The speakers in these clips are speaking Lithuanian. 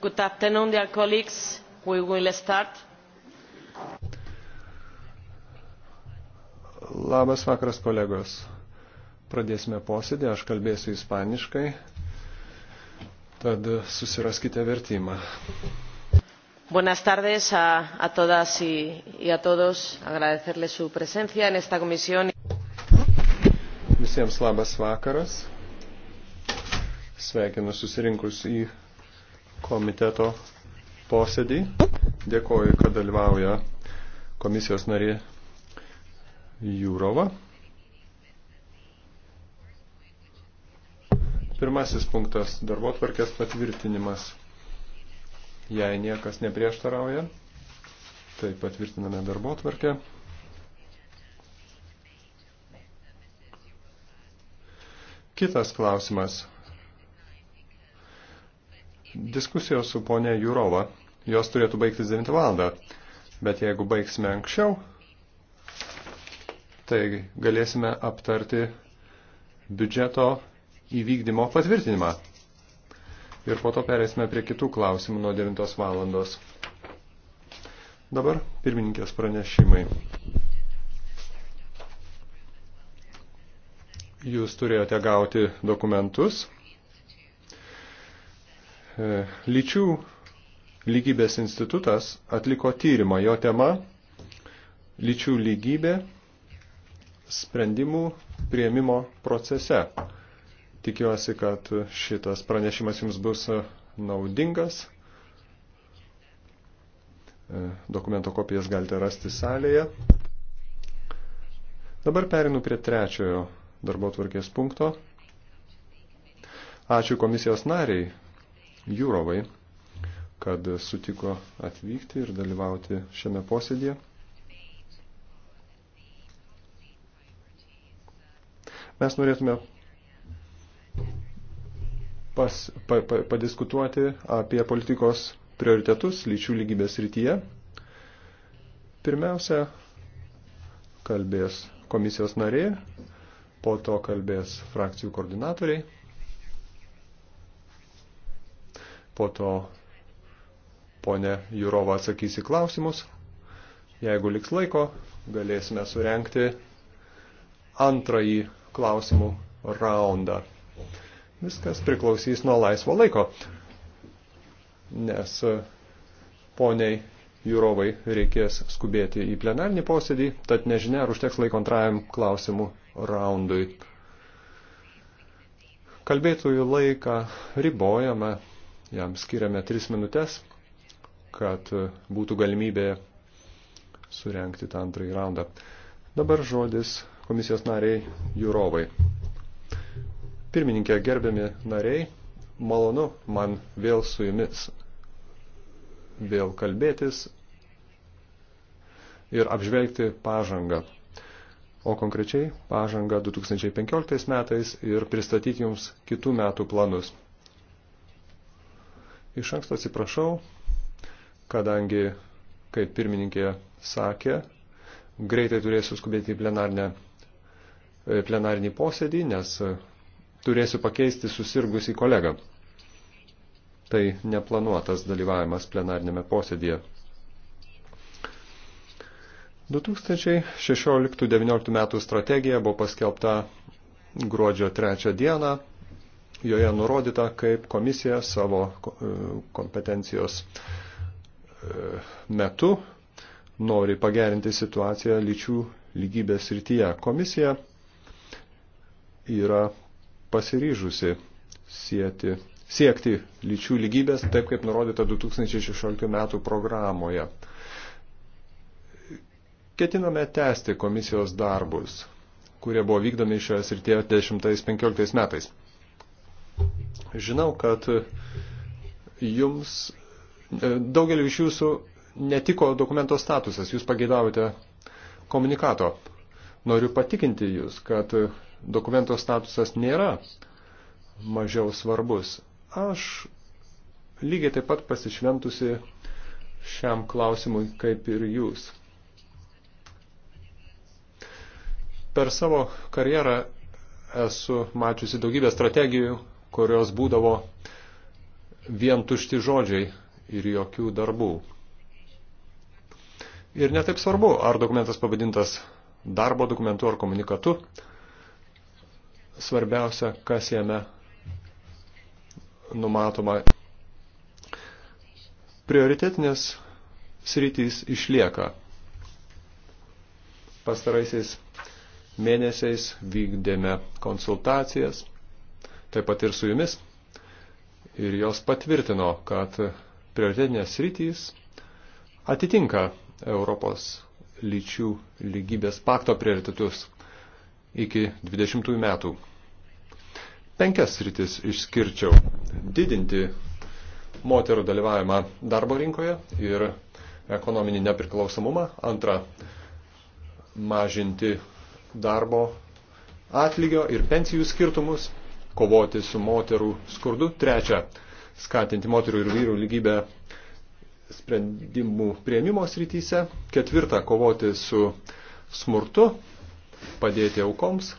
Good afternoon, dear colleagues. We will start. Labas vakaras, kolegos. Pradėsime posėdį, aš kalbėsiu ispaniškai, tad susiraskite vertimą. Buenas tardes a, a todas y, y a todos. Agradecerles su presencia en esta comisión. Visiems labas vakaras. Sveikinu susirinkus į komiteto posėdį. Dėkoju, kad dalyvauja komisijos narė Jūrova. Pirmasis punktas – darbo tvarkės patvirtinimas. Jei niekas neprieštarauja, tai patvirtiname darbo tvarkę. Kitas klausimas – diskusijos su ponė Jurova, jos turėtų baigtis 9 valandą, bet jeigu baigsime anksčiau, tai galėsime aptarti biudžeto įvykdymo patvirtinimą. Ir po to perėsime prie kitų klausimų nuo 9 valandos. Dabar pirmininkės pranešimai. Jūs turėjote gauti dokumentus. E, lyčių lygybės institutas atliko tyrimą. Jo tema – lyčių lygybė sprendimų prieimimo procese. Tikiuosi, kad šitas pranešimas jums bus naudingas. E, dokumento kopijas galite rasti salėje. Dabar perinu prie trečiojo darbo tvarkės punkto. Ačiū komisijos nariai Jūrovai, kad sutiko atvykti ir dalyvauti šiame posėdėje. Mes norėtume pas, pa, pa, padiskutuoti apie politikos prioritetus lyčių lygybės rytyje. Pirmiausia, kalbės komisijos narė, po to kalbės frakcijų koordinatoriai. Po to ponė Jurova atsakys į klausimus. Jeigu liks laiko, galėsime surenkti antrąjį klausimų raundą. Viskas priklausys nuo laisvo laiko, nes poniai Jurovai reikės skubėti į plenarnį posėdį, tad nežinia, ar užteks laiko antrajam klausimų raundui. Kalbėtųjų laiką ribojame Jam skiriame tris minutės, kad būtų galimybė surenkti tą antrąjį raundą. Dabar žodis komisijos nariai Jurovai. Pirmininkė, gerbiami nariai, malonu man vėl su jumis vėl kalbėtis ir apžvelgti pažangą. O konkrečiai pažangą 2015 metais ir pristatyti jums kitų metų planus. Iš anksto atsiprašau, kadangi, kaip pirmininkė sakė, greitai turėsiu skubėti į plenarnę, e, plenarinį posėdį, nes e, turėsiu pakeisti susirgusį kolegą. Tai neplanuotas dalyvavimas plenarinėme posėdėje. 2016-2019 metų strategija buvo paskelbta gruodžio 3 dieną joje nurodyta, kaip komisija savo e, kompetencijos e, metu nori pagerinti situaciją lyčių lygybės rytyje. Komisija yra pasiryžusi sieti, siekti lyčių lygybės, taip kaip nurodyta 2016 metų programoje. Ketiname tęsti komisijos darbus, kurie buvo vykdomi šioje srityje 10-15 metais. Žinau, kad jums e, daugeliu iš jūsų netiko dokumento statusas, jūs pageidavote komunikato. Noriu patikinti jūs, kad dokumento statusas nėra mažiau svarbus. Aš lygiai taip pat pasišventusi šiam klausimui kaip ir jūs. Per savo karjerą esu mačiusi daugybę strategijų, kurios būdavo vien tušti žodžiai ir jokių darbų. Ir netaip svarbu, ar dokumentas pavadintas darbo dokumentu ar komunikatu. Svarbiausia, kas jame numatoma. Prioritetinės sritys išlieka. Pastaraisiais mėnesiais vykdėme konsultacijas taip pat ir su jumis. Ir jos patvirtino, kad prioritetinės rytys atitinka Europos lyčių lygybės pakto prioritetus iki 20 metų. Penkias rytis išskirčiau. Didinti moterų dalyvavimą darbo rinkoje ir ekonominį nepriklausomumą. Antra, mažinti darbo atlygio ir pensijų skirtumus kovoti su moterų skurdu. Trečia, skatinti moterų ir vyrų lygybę sprendimų prieimimo srityse. Ketvirta, kovoti su smurtu, padėti aukoms.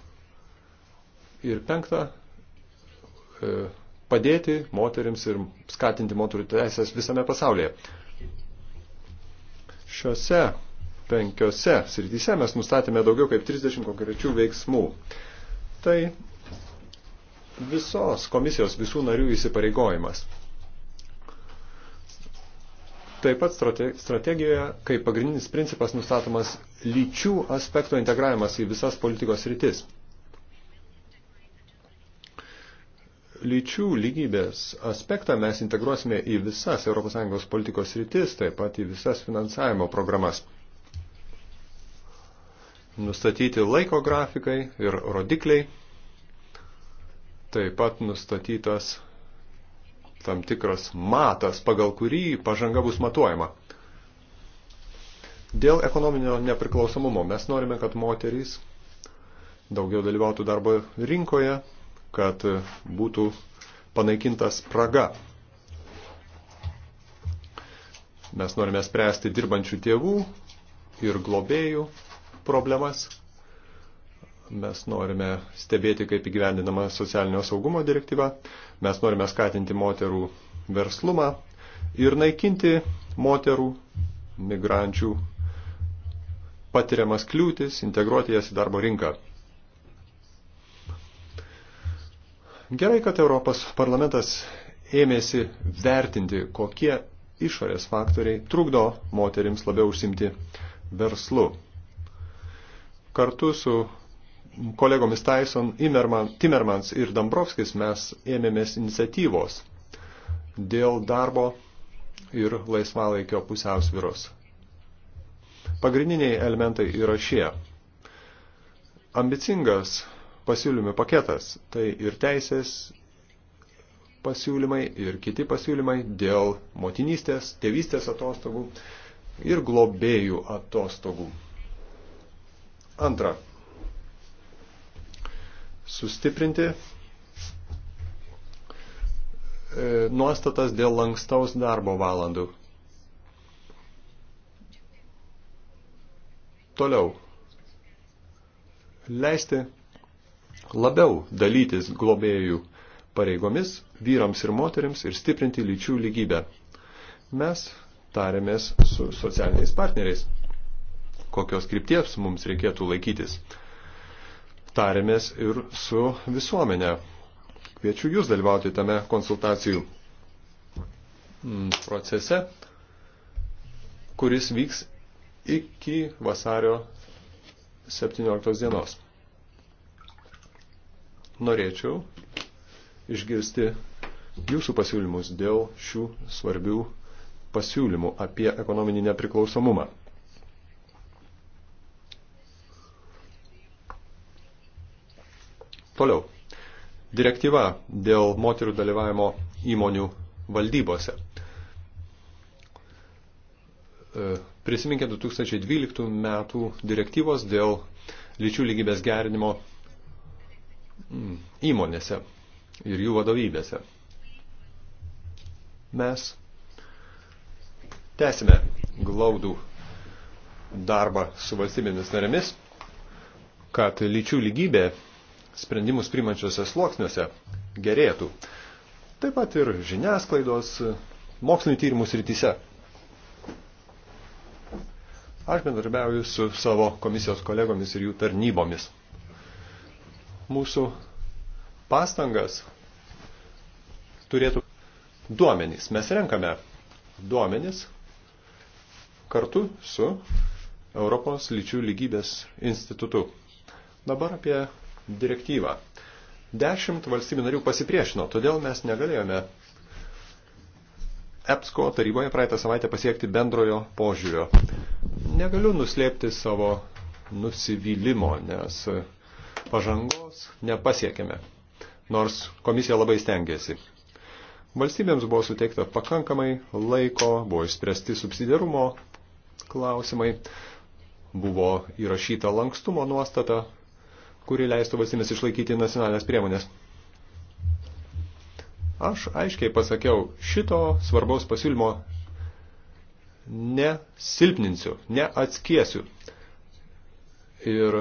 Ir penkta, e, padėti moterims ir skatinti moterų teisės visame pasaulyje. Šiuose penkiose srityse mes nustatėme daugiau kaip 30 konkrečių veiksmų. Tai visos komisijos visų narių įsipareigojimas. Taip pat strategijoje, kaip pagrindinis principas nustatomas lyčių aspekto integravimas į visas politikos rytis. Lyčių lygybės aspektą mes integruosime į visas ES politikos rytis, taip pat į visas finansavimo programas. Nustatyti laiko grafikai ir rodikliai Taip pat nustatytas tam tikras matas, pagal kurį pažanga bus matuojama. Dėl ekonominio nepriklausomumo mes norime, kad moterys daugiau dalyvautų darbo rinkoje, kad būtų panaikintas praga. Mes norime spręsti dirbančių tėvų ir globėjų problemas, Mes norime stebėti, kaip įgyvendinama socialinio saugumo direktyva, mes norime skatinti moterų verslumą ir naikinti moterų migrančių patiriamas kliūtis, integruoti jas į darbo rinką. Gerai, kad Europos parlamentas ėmėsi vertinti, kokie išorės faktoriai trukdo moterims labiau užsimti verslu. Kartu su kolegomis Tyson, Imerman, Timmermans ir Dambrovskis mes ėmėmės iniciatyvos dėl darbo ir laisvalaikio pusiausviros. Pagrindiniai elementai yra šie. Ambicingas pasiūlymų paketas, tai ir teisės pasiūlymai, ir kiti pasiūlymai dėl motinystės, tėvystės atostogų ir globėjų atostogų. Antra, sustiprinti e, nuostatas dėl lankstaus darbo valandų. Toliau. Leisti labiau dalytis globėjų pareigomis vyrams ir moteriams ir stiprinti lyčių lygybę. Mes tarėmės su socialiniais partneriais, kokios krypties mums reikėtų laikytis tarėmės ir su visuomenė. Kviečiu Jūs dalyvauti tame konsultacijų mm, procese, kuris vyks iki vasario 17 dienos. Norėčiau išgirsti jūsų pasiūlymus dėl šių svarbių pasiūlymų apie ekonominį nepriklausomumą. Toliau. Direktyva dėl moterų dalyvavimo įmonių valdybose. E, Prisiminkė 2012 metų direktyvos dėl lyčių lygybės gerinimo mm, įmonėse ir jų vadovybėse. Mes tęsime glaudų darbą su valstybėmis narėmis, kad lyčių lygybė sprendimus primančiuose sluoksniuose gerėtų. Taip pat ir žiniasklaidos, mokslinio tyrimų srityse. Aš bendarbiauju su savo komisijos kolegomis ir jų tarnybomis. Mūsų pastangas turėtų duomenys. Mes renkame duomenys kartu su Europos lyčių lygybės institutu. Dabar apie direktyvą. Dešimt valstybių narių pasipriešino, todėl mes negalėjome EPSCO taryboje praeitą savaitę pasiekti bendrojo požiūrio. Negaliu nuslėpti savo nusivylimo, nes pažangos nepasiekėme, nors komisija labai stengiasi. Valstybėms buvo suteikta pakankamai laiko, buvo išspręsti subsidiarumo klausimai, buvo įrašyta lankstumo nuostata, kuri leistų valstybės išlaikyti nacionalinės priemonės. Aš aiškiai pasakiau, šito svarbaus pasiūlymo nesilpninsiu, neatskiesiu. Ir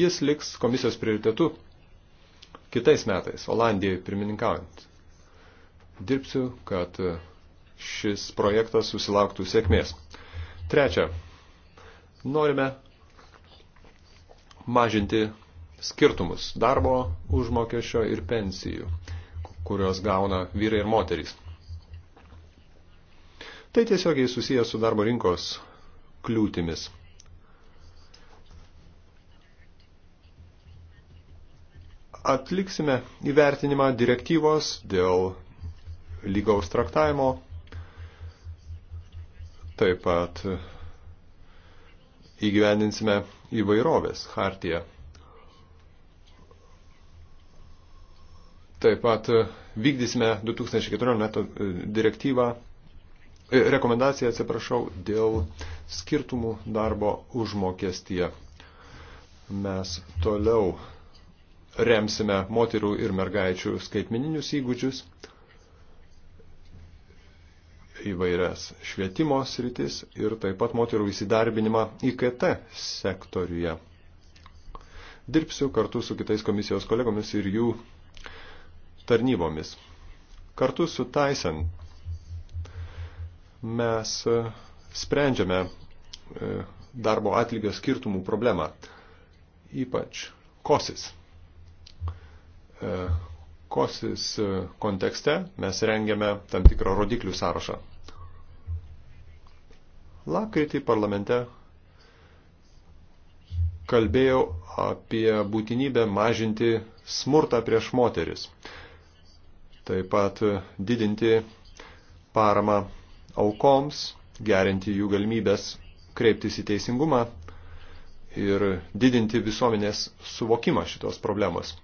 jis liks komisijos prioritetu kitais metais, Olandijai pirmininkaujant. Dirbsiu, kad šis projektas susilauktų sėkmės. Trečia, norime mažinti skirtumus darbo užmokesčio ir pensijų, kurios gauna vyrai ir moterys. Tai tiesiogiai susijęs su darbo rinkos kliūtimis. Atliksime įvertinimą direktyvos dėl lygaus traktavimo, taip pat įgyvendinsime įvairovės hartiją. Taip pat e, vykdysime 2014 metų e, direktyvą, e, rekomendaciją, atsiprašau, dėl skirtumų darbo užmokestyje. Mes toliau remsime moterų ir mergaičių skaitmeninius įgūdžius, įvairias švietimo sritis ir taip pat moterų įsidarbinimą IKT sektoriuje. Dirbsiu kartu su kitais komisijos kolegomis ir jų tarnybomis. Kartu su Tyson mes e, sprendžiame e, darbo atlygio skirtumų problemą, ypač kosis. E, kosis kontekste mes rengiame tam tikrą rodiklių sąrašą. Lakrytį parlamente kalbėjau apie būtinybę mažinti smurtą prieš moteris, taip pat didinti paramą aukoms, gerinti jų galimybės kreiptis į teisingumą ir didinti visuomenės suvokimą šitos problemos.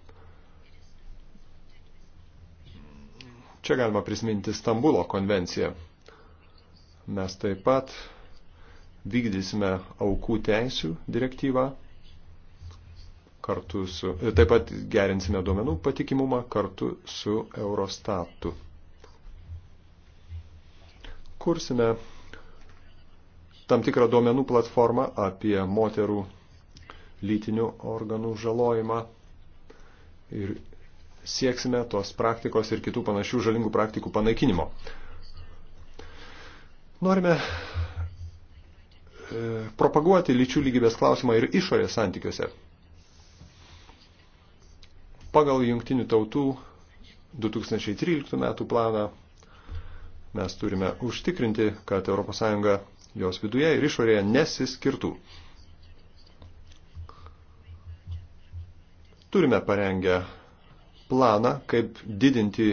Čia galima prisiminti Stambulo konvenciją. Mes taip pat vykdysime aukų teisių direktyvą, kartu su, e, taip pat gerinsime duomenų patikimumą kartu su Eurostatu. Kursime tam tikrą duomenų platformą apie moterų lytinių organų žalojimą ir sieksime tos praktikos ir kitų panašių žalingų praktikų panaikinimo. Norime E, propaguoti lyčių lygybės klausimą ir išorės santykiuose. Pagal jungtinių tautų 2013 metų planą mes turime užtikrinti, kad ES jos viduje ir išorėje nesiskirtų. Turime parengę planą, kaip didinti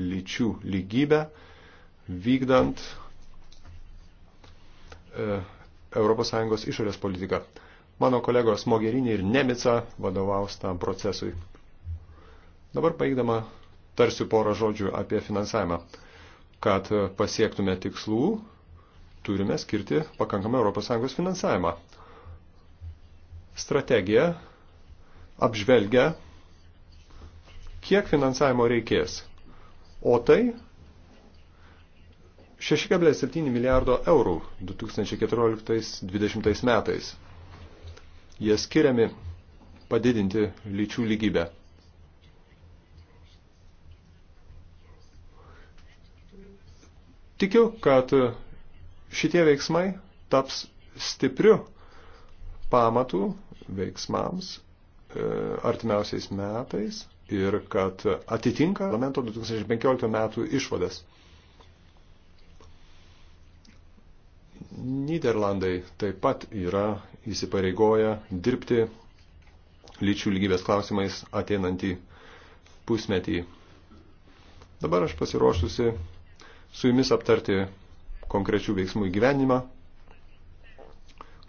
lyčių lygybę, vykdant e, ES išorės politiką. Mano kolegos Mogerinė ir Nemica vadovaus tam procesui. Dabar baigdama tarsiu porą žodžių apie finansavimą. Kad pasiektume tikslų, turime skirti pakankamą ES finansavimą. Strategija apžvelgia, kiek finansavimo reikės. O tai 6,7 milijardo eurų 2014-2020 metais. Jie skiriami padidinti lyčių lygybę. Tikiu, kad šitie veiksmai taps stipriu pamatų veiksmams e, artimiausiais metais ir kad atitinka parlamento 2015 metų išvadas. Niderlandai taip pat yra įsipareigoję dirbti lyčių lygybės klausimais ateinantį pusmetį. Dabar aš pasiruošusi su jumis aptarti konkrečių veiksmų įgyvenimą,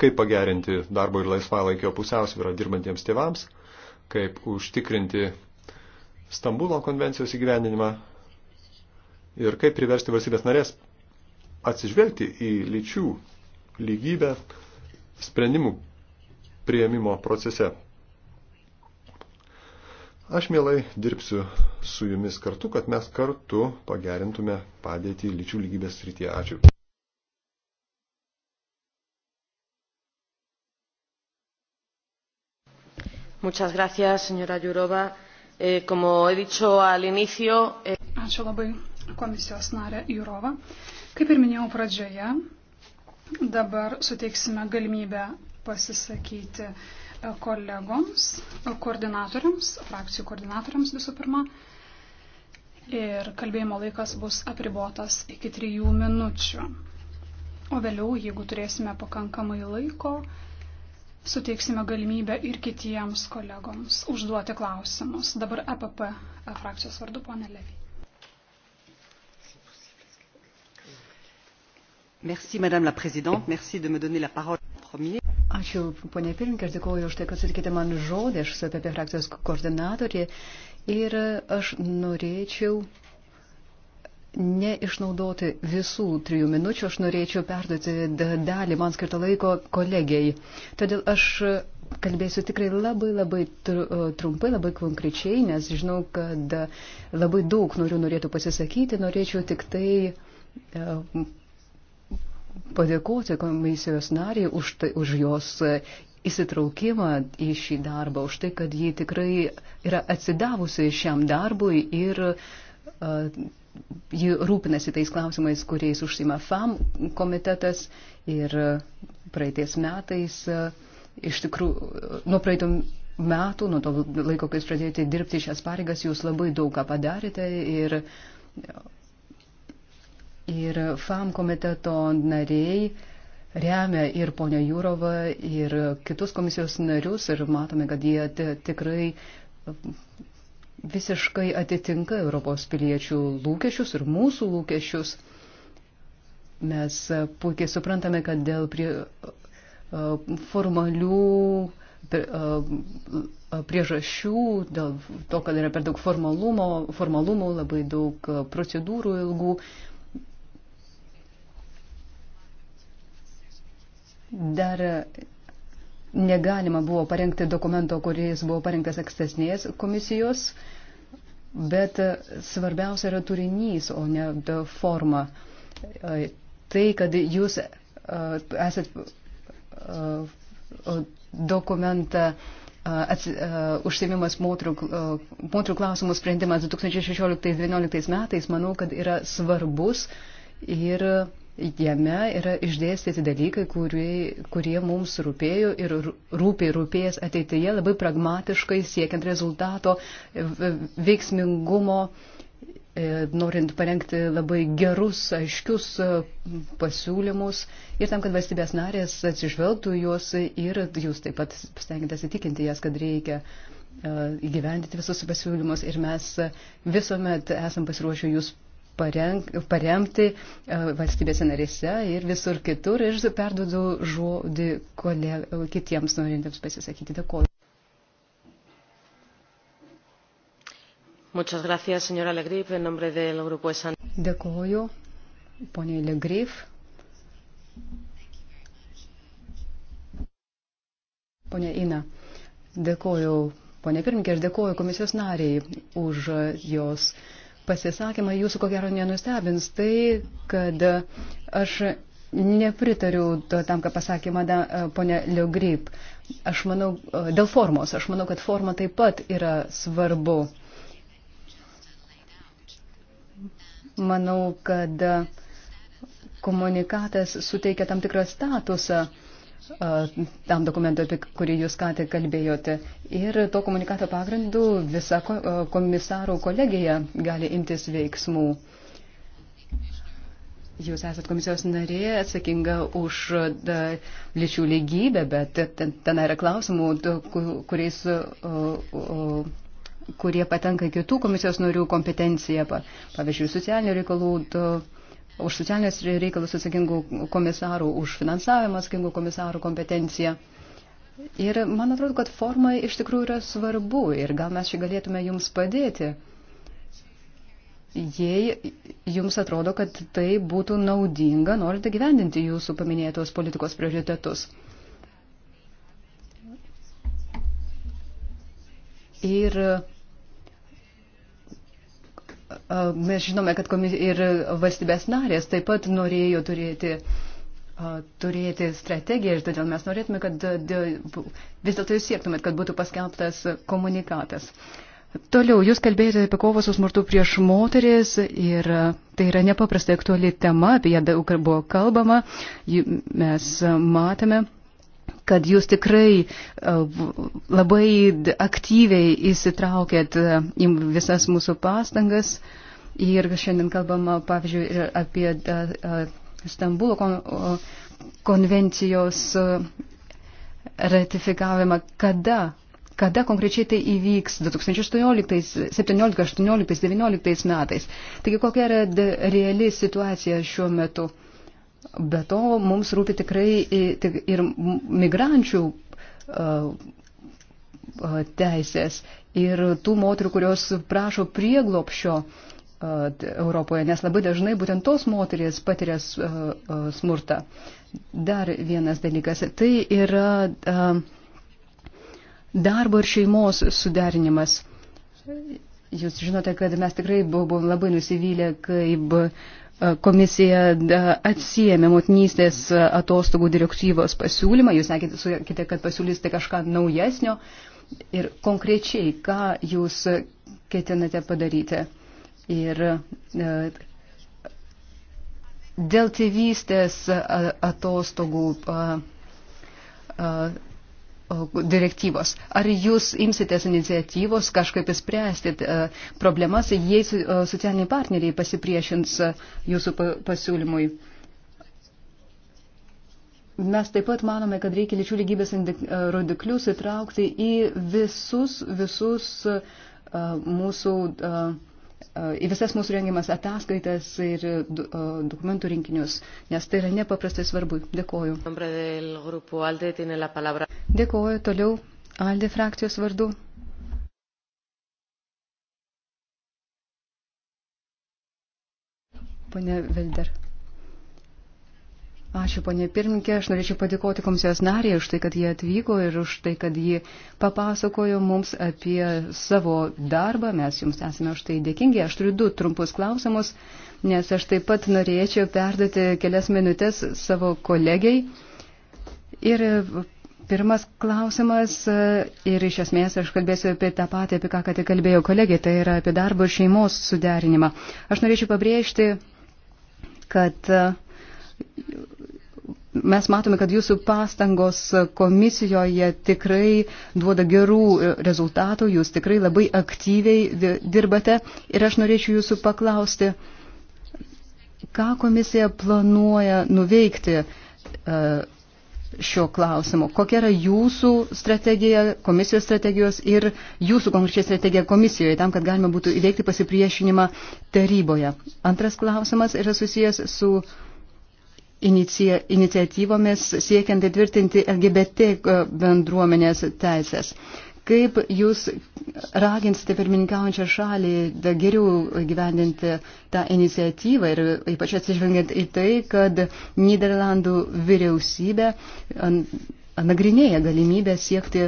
kaip pagerinti darbo ir laisvalaikio pusiausvyrą dirbantiems tėvams, kaip užtikrinti Stambulo konvencijos įgyvendinimą ir kaip priversti valstybės narės atsižvelgti į lyčių lygybę sprendimų prieimimo procese. Aš mielai dirbsiu su jumis kartu, kad mes kartu pagerintume padėtį lyčių lygybės srityje. Ačiū. Muchas gracias, señora Jurova. Eh, como he dicho al inicio. Eh... Ačiū labai komisijos narė Jurova. Eh, Kaip ir minėjau pradžioje, dabar suteiksime galimybę pasisakyti kolegoms, koordinatoriams, frakcijų koordinatoriams visų pirma. Ir kalbėjimo laikas bus apribotas iki trijų minučių. O vėliau, jeigu turėsime pakankamai laiko, suteiksime galimybę ir kitiems kolegoms užduoti klausimus. Dabar EPP frakcijos vardu, ponė Levy. Merci, Madame la Présidente. Merci de me donner la parole en premier. Ačiū, ponė Pirinkė, aš dėkuoju už tai, kad sutikite man žodį. Aš esu apie frakcijos koordinatorė ir aš norėčiau neišnaudoti visų trijų minučių, aš norėčiau perduoti dalį man skirtą laiko kolegijai. Todėl aš kalbėsiu tikrai labai labai trumpai, labai konkrečiai, nes žinau, kad labai daug noriu norėtų pasisakyti, norėčiau tik tai e, padėkoti komisijos nariai už, tai, už jos e, įsitraukimą į šį darbą, už tai, kad ji tikrai yra atsidavusi šiam darbui ir uh, ji rūpinasi tais klausimais, kuriais užsima FAM komitetas ir praeitais metais, e, iš tikrųjų, nuo praeitų metų, nuo to laiko, kai jūs pradėjote dirbti šias pareigas, jūs labai daug ką padarėte ir Ir FAM komiteto nariai remia ir ponio Jūrovą, ir kitus komisijos narius, ir matome, kad jie tikrai visiškai atitinka Europos piliečių lūkesčius ir mūsų lūkesčius. Mes puikiai suprantame, kad dėl prie, formalių priežasčių, dėl to, kad yra per daug formalumo, formalumų, labai daug procedūrų ilgų, dar negalima buvo parengti dokumento, kuris buvo parengtas ankstesnės komisijos, bet svarbiausia yra turinys, o ne forma. E, tai, kad jūs e, esat e, dokumentą ats, užsimimas moterų, moterų klausimų sprendimas 2016-2019 metais, manau, kad yra svarbus ir Jame yra išdėstyti dalykai, kurie, kurie mums rūpėjo ir rūpė rūpės ateityje labai pragmatiškai siekiant rezultato veiksmingumo, e, norint parengti labai gerus, aiškius e, pasiūlymus ir tam, kad valstybės narės atsižvelgtų juos ir jūs taip pat stengiatės įtikinti jas, kad reikia e, įgyvendinti visus pasiūlymus ir mes visuomet esam pasiruošę jūs pareng, paremti e, valstybėse narėse ir visur kitur ir perduodu žodį kole, kitiems norintiems pasisakyti. Dėkuoju. Muchas gracias, señora Legrip, en nombre del grupo ESAN. Dėkuoju, poniai Legrip. Pone Ina, dėkuoju, ponė pirmininkė, aš dėkuoju komisijos nariai už jos uh, pasisakymą jūsų ko gero nenustebins tai, kad aš nepritariu tam, ką pasakė mada e, ponė Liogrip. Aš manau, e, dėl formos, aš manau, kad forma taip pat yra svarbu. Manau, kad komunikatas suteikia tam tikrą statusą uh, tam dokumentui, apie kurį jūs ką tik kalbėjote. Ir to komunikato pagrindu visa komisarų kolegija gali imtis veiksmų. Jūs esat komisijos narė atsakinga už da, lyčių lygybę, bet ten, ten yra klausimų, kuriais, o, o, kurie patenka kitų komisijos narių kompetenciją, pavyzdžiui, socialinių reikalų. Da, už socialinės reikalus atsakingų komisarų, už finansavimą atsakingų komisarų kompetenciją. Ir man atrodo, kad forma iš tikrųjų yra svarbu ir gal mes čia galėtume jums padėti, jei jums atrodo, kad tai būtų naudinga, norite gyvendinti jūsų paminėtos politikos prioritetus. Ir Mes žinome, kad ir valstybės narės taip pat norėjo turėti, turėti strategiją ir todėl mes norėtume, kad vis dėlto jūs siektumėt, kad būtų paskelbtas komunikatas. Toliau, jūs kalbėjote apie kovą su smurtu prieš moteris ir tai yra nepaprastai aktuali tema, apie ją daug buvo kalbama, mes matėme kad jūs tikrai e, labai aktyviai įsitraukėt e, į visas mūsų pastangas. Ir šiandien kalbama, pavyzdžiui, apie e, Stambulo konvencijos ratifikavimą. Kada? Kada konkrečiai tai įvyks 2018, 17, 18, 19 metais? Taigi kokia yra reali situacija šiuo metu? Be to, mums rūpi tikrai ir migrančių teisės ir tų moterų, kurios prašo prieglopšio Europoje, nes labai dažnai būtent tos moteris patiria smurtą. Dar vienas dalykas, tai yra darbo ir šeimos suderinimas. Jūs žinote, kad mes tikrai buvome labai nusivylę, kai komisija atsijėmė motinystės atostogų direktyvos pasiūlymą, jūs sakėte, kad pasiūlysite kažką naujesnio ir konkrečiai, ką jūs ketinate padaryti. Ir e, dėl tėvystės atostogų direktyvos. Ar jūs imsitės iniciatyvos kažkaip įspręsti e, problemas, jei e, socialiniai partneriai pasipriešins e, jūsų pasiūlymui? Mes taip pat manome, kad reikia lyčių lygybės rodiklius įtraukti į visus, visus mūsų uh, E, į visas mūsų rengiamas ataskaitas ir e, dokumentų rinkinius, nes tai yra nepaprastai svarbu. Dėkoju. Dėkoju toliau Alde frakcijos vardu. Pane Vilder. Ačiū, ponė pirmininkė. Aš norėčiau padėkoti komisijos narė už tai, kad jie atvyko ir už tai, kad jie papasakojo mums apie savo darbą. Mes jums esame už tai dėkingi. Aš turiu du trumpus klausimus, nes aš taip pat norėčiau perduoti kelias minutės savo kolegiai. Ir pirmas klausimas, ir iš esmės aš kalbėsiu apie tą patį, apie ką ką tik kalbėjo kolegė, tai yra apie darbo ir šeimos suderinimą. Aš norėčiau pabrėžti, kad Mes matome, kad jūsų pastangos komisijoje tikrai duoda gerų rezultatų, jūs tikrai labai aktyviai dirbate ir aš norėčiau jūsų paklausti, ką komisija planuoja nuveikti e, šio klausimo, kokia yra jūsų strategija, komisijos strategijos ir jūsų konkrečia strategija komisijoje, tam, kad galima būtų įveikti pasipriešinimą taryboje. Antras klausimas yra susijęs su inicia, iniciatyvomis siekiant įtvirtinti LGBT e, bendruomenės teisės. Kaip jūs raginsite pirmininkaujančią šalį geriau gyvendinti tą iniciatyvą ir ypač atsižvelgiant į tai, kad Niderlandų vyriausybė nagrinėja galimybę siekti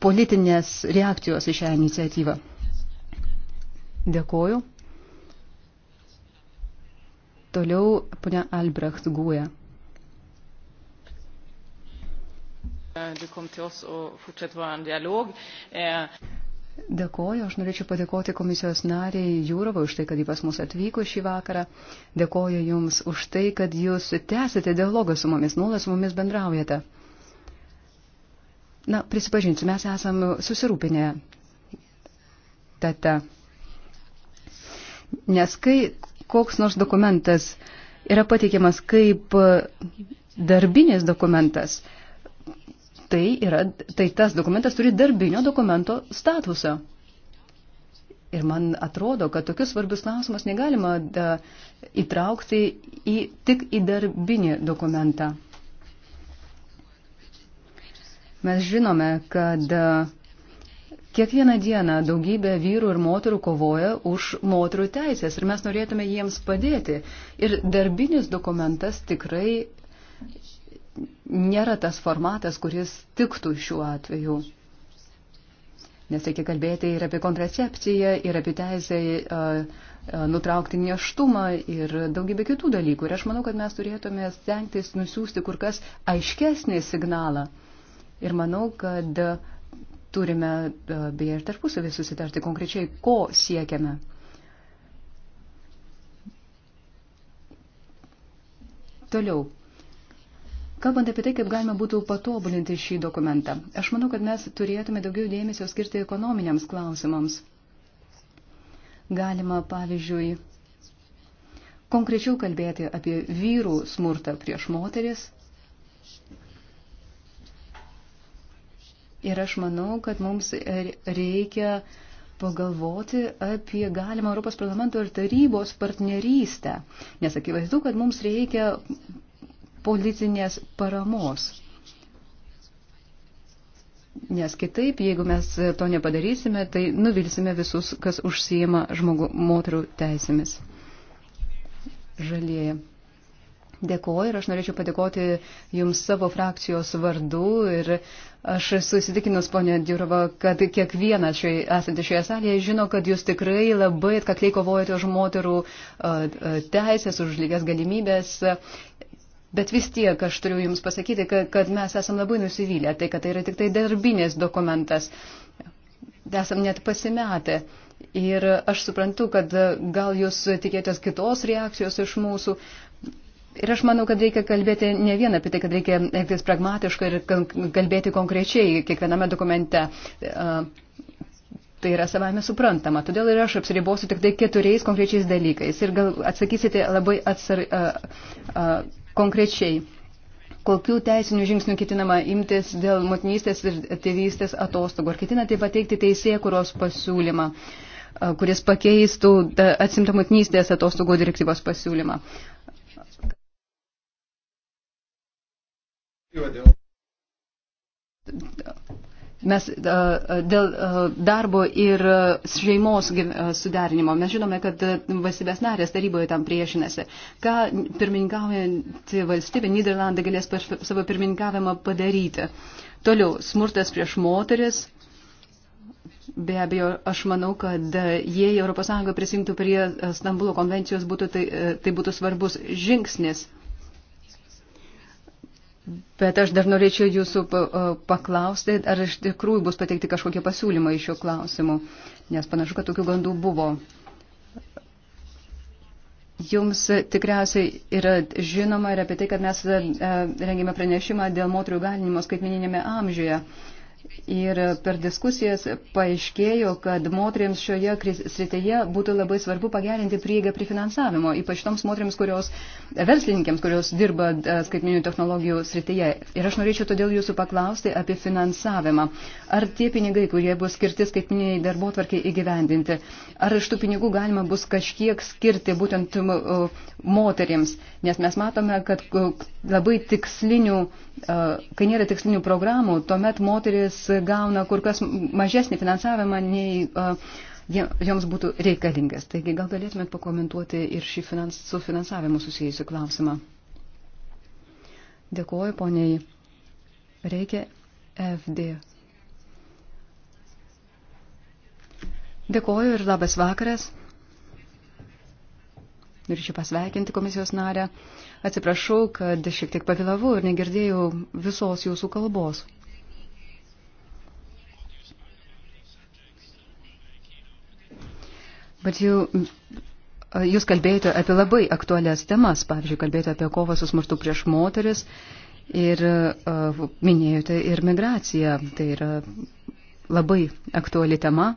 politinės reakcijos į šią iniciatyvą? Dėkoju. Toliau ponia Albrecht Guja. Dėkoju, aš norėčiau padėkoti komisijos nariai Jūrovai už tai, kad jį pas mus atvyko šį vakarą. Dėkoju Jums už tai, kad Jūs tęsite dialogą su mumis, nuolat su mumis bendraujate. Na, prisipažinsiu, mes esam susirūpinę tata. Nes kai koks nors dokumentas yra pateikiamas kaip darbinis dokumentas, tai, yra, tai tas dokumentas turi darbinio dokumento statusą. Ir man atrodo, kad tokius svarbius klausimus negalima da, įtraukti į, tik į darbinį dokumentą. Mes žinome, kad da, Kiekvieną dieną daugybė vyrų ir moterų kovoja už moterų teisės ir mes norėtume jiems padėti. Ir darbinis dokumentas tikrai nėra tas formatas, kuris tiktų šiuo atveju. Nes reikia kalbėti ir apie kontracepciją, ir apie teisę nutraukti neštumą ir daugybė kitų dalykų. Ir aš manau, kad mes turėtume stengtis nusiųsti kur kas aiškesnį signalą. Ir manau, kad uh, turime e, beje ir tarpusavį susitarti konkrečiai, ko siekiame. Toliau. Kalbant apie tai, kaip galima būtų patobulinti šį dokumentą, aš manau, kad mes turėtume daugiau dėmesio skirti ekonominiams klausimams. Galima, pavyzdžiui, konkrečiau kalbėti apie vyrų smurtą prieš moteris Ir aš manau, kad mums reikia pagalvoti apie galimą Europos parlamento ir tarybos partnerystę, nes akivaizdu, kad mums reikia politinės paramos. Nes kitaip, jeigu mes to nepadarysime, tai nuvilsime visus, kas užsijima žmogų, moterų teisėmis. Žalieji. Dėkoju ir aš norėčiau padėkoti Jums savo frakcijos vardu ir Aš esu įsitikinus, ponė Diurova, kad kiekvienas šioje, esantis šioje salėje žino, kad jūs tikrai labai atkakliai kovojate už moterų teisės, už lygias galimybės. Bet vis tiek aš turiu Jums pasakyti, kad, kad mes esam labai nusivylę, tai kad tai yra tik tai darbinės dokumentas. Esam net pasimetę. Ir aš suprantu, kad gal Jūs tikėtės kitos reakcijos iš mūsų, Ir aš manau, kad reikia kalbėti ne vien apie tai, kad reikia elgtis pragmatiškai ir kalbėti konkrečiai kiekviename dokumente. Tai yra savame suprantama. Todėl ir aš apsiribosiu tik tai keturiais konkrečiais dalykais. Ir gal atsakysite labai atsar, a, a, konkrečiai, kokių teisinių žingsnių ketinama imtis dėl motinystės ir tėvystės atostogų. Ar ketinate pateikti teisė, kurios pasiūlymą? kuris pakeistų atsimtą motinystės atostogų direktyvos pasiūlymą. Mes dėl darbo ir šeimos suderinimo, mes žinome, kad valstybės narės taryboje tam priešinasi. Ką pirmininkaujantį valstybę Niderlandai galės savo pirmininkavimą padaryti? Toliau, smurtas prieš moteris. Be abejo, aš manau, kad jei ES prisimtų prie Stambulo konvencijos, būtų tai, tai būtų svarbus žingsnis. Bet aš dar norėčiau jūsų paklausti, ar iš tikrųjų bus pateikti kažkokie pasiūlymai iš šio klausimų, nes panašu, kad tokių gandų buvo. Jums tikriausiai yra žinoma ir apie tai, kad mes rengėme pranešimą dėl moterų galinimo skaitmininėme amžiuje. Uh, Ir per diskusijas paaiškėjo, kad moteriams šioje srityje būtų labai svarbu pagerinti prieigą prie finansavimo, ypač toms moteriams, kurios verslininkėms, kurios dirba e, skaitminių technologijų srityje. Ir aš norėčiau todėl jūsų paklausti apie finansavimą. Ar tie pinigai, kurie bus skirti skaitminiai darbo tvarkiai įgyvendinti, ar iš tų pinigų galima bus kažkiek skirti būtent moteriams, nes mes matome, kad e, labai tikslinių kai nėra tikslinių programų, tuomet moteris gauna kur kas mažesnį finansavimą nei joms būtų reikalingas. Taigi gal galėtumėt pakomentuoti ir šį finans, su finansavimu susijusiu klausimą. Dėkuoju, poniai. Reikia FD. Dėkuoju ir labas vakaras. Norėčiau pasveikinti komisijos narę. Uh, Atsiprašau, kad šiek tiek pavėlavau ir negirdėjau visos jūsų kalbos. Bet jau jūs kalbėjote apie labai aktualias temas, pavyzdžiui, kalbėjote apie kovą su smurtu prieš moteris ir uh, minėjote ir migraciją. Tai yra labai aktuali tema,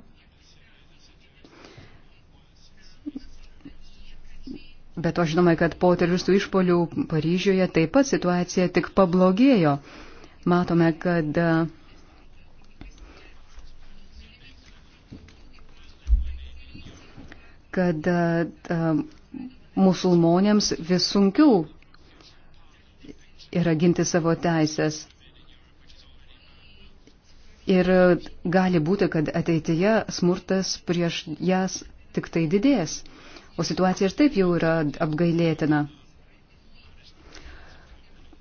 Bet to žinoma, kad po teroristų išpolių Paryžiuje taip pat situacija tik pablogėjo. Matome, kad kad musulmonėms vis sunkiau yra ginti savo teisės. Ir gali būti, kad ateityje smurtas prieš jas tik tai didės o situacija ir taip jau yra apgailėtina.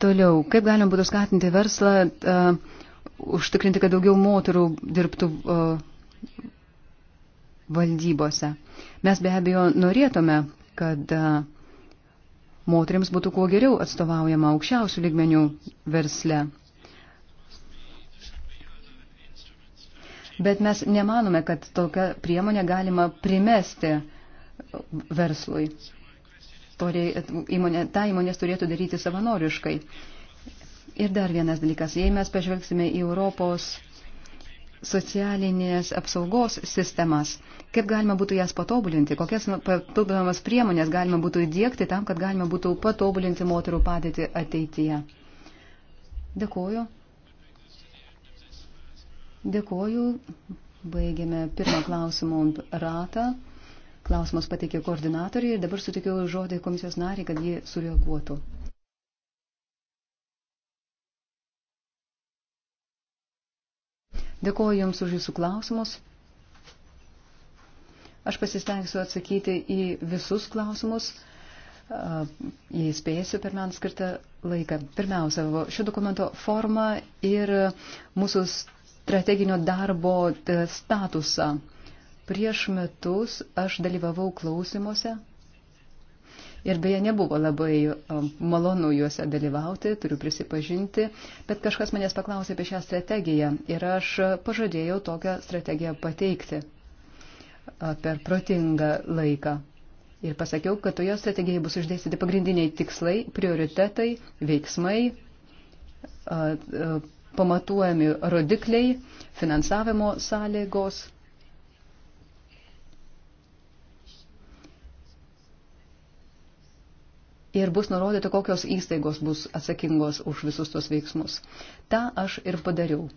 Toliau, kaip galima būtų skatinti verslą, uh, užtikrinti, kad daugiau moterų dirbtų uh, valdybose. Mes be abejo norėtume, kad uh, moteriams būtų kuo geriau atstovaujama aukščiausių lygmenių versle. Bet mes nemanome, kad tokią priemonę galima primesti verslui. Torė, įmonė, tą įmonės turėtų daryti savanoriškai. Ir dar vienas dalykas, jei mes pažvelgsime į Europos socialinės apsaugos sistemas, kaip galima būtų jas patobulinti, kokias nu, papildomas priemonės galima būtų įdėkti tam, kad galima būtų patobulinti moterų padėtį ateityje. Dėkuoju. Dėkuoju. Baigėme pirmą klausimų ratą. Klausimus pateikė koordinatoriai ir dabar sutikiu žodį komisijos nariai, kad jie sureaguotų. Dėkuoju Jums už Jūsų klausimus. Aš pasistengsiu atsakyti į visus klausimus, jei spėsiu per man skirtą laiką. Pirmiausia, šio dokumento forma ir mūsų strateginio darbo e, statusą Prieš metus aš dalyvavau klausimuose ir beje nebuvo labai malonu juose dalyvauti, turiu prisipažinti, bet kažkas manęs paklausė apie šią strategiją ir aš pažadėjau tokią strategiją pateikti per protingą laiką. Ir pasakiau, kad toje strategijoje bus išdėstyti pagrindiniai tikslai, prioritetai, veiksmai, pamatuojami rodikliai, finansavimo sąlygos ir bus nurodyta, kokios įstaigos bus atsakingos už visus tos veiksmus. Ta aš ir padariau.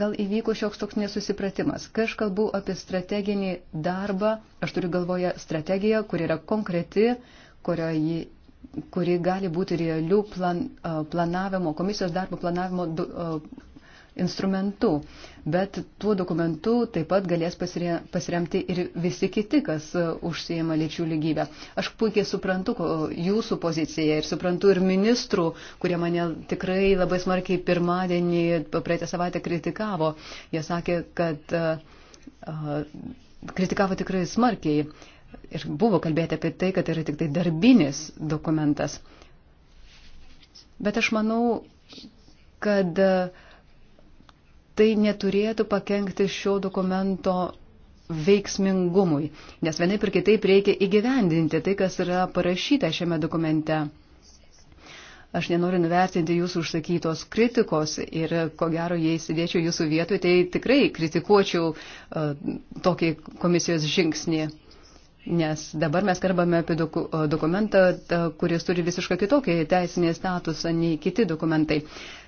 Gal įvyko šioks toks nesusipratimas. Kai aš kalbu apie strateginį darbą, aš turiu galvoje strategiją, kuri yra konkreti, kurioji kuri gali būti realių plan, planavimo, komisijos darbo planavimo instrumentu. Bet tuo dokumentu taip pat galės pasiremti ir visi kiti, kas e, užsijama lyčių lygybę. Aš puikiai suprantu jūsų poziciją ir suprantu ir ministrų, kurie mane tikrai labai smarkiai pirmadienį, praeitą savaitę kritikavo. Jie sakė, kad e, kritikavo tikrai smarkiai. Ir buvo kalbėti apie tai, kad tai yra tik tai darbinis dokumentas. Bet aš manau, kad uh, tai neturėtų pakengti šio dokumento veiksmingumui, nes vienaip ir kitaip reikia įgyvendinti tai, kas yra parašyta šiame dokumente. Aš nenoriu nuvertinti jūsų užsakytos kritikos ir ko gero, jei sėdėčiau jūsų vietoj, tai tikrai kritikuočiau uh, tokį komisijos žingsnį. Uh, Nes dabar mes kalbame apie doku, dokumentą, kuris turi visiškai kitokį teisinį statusą nei kiti dokumentai.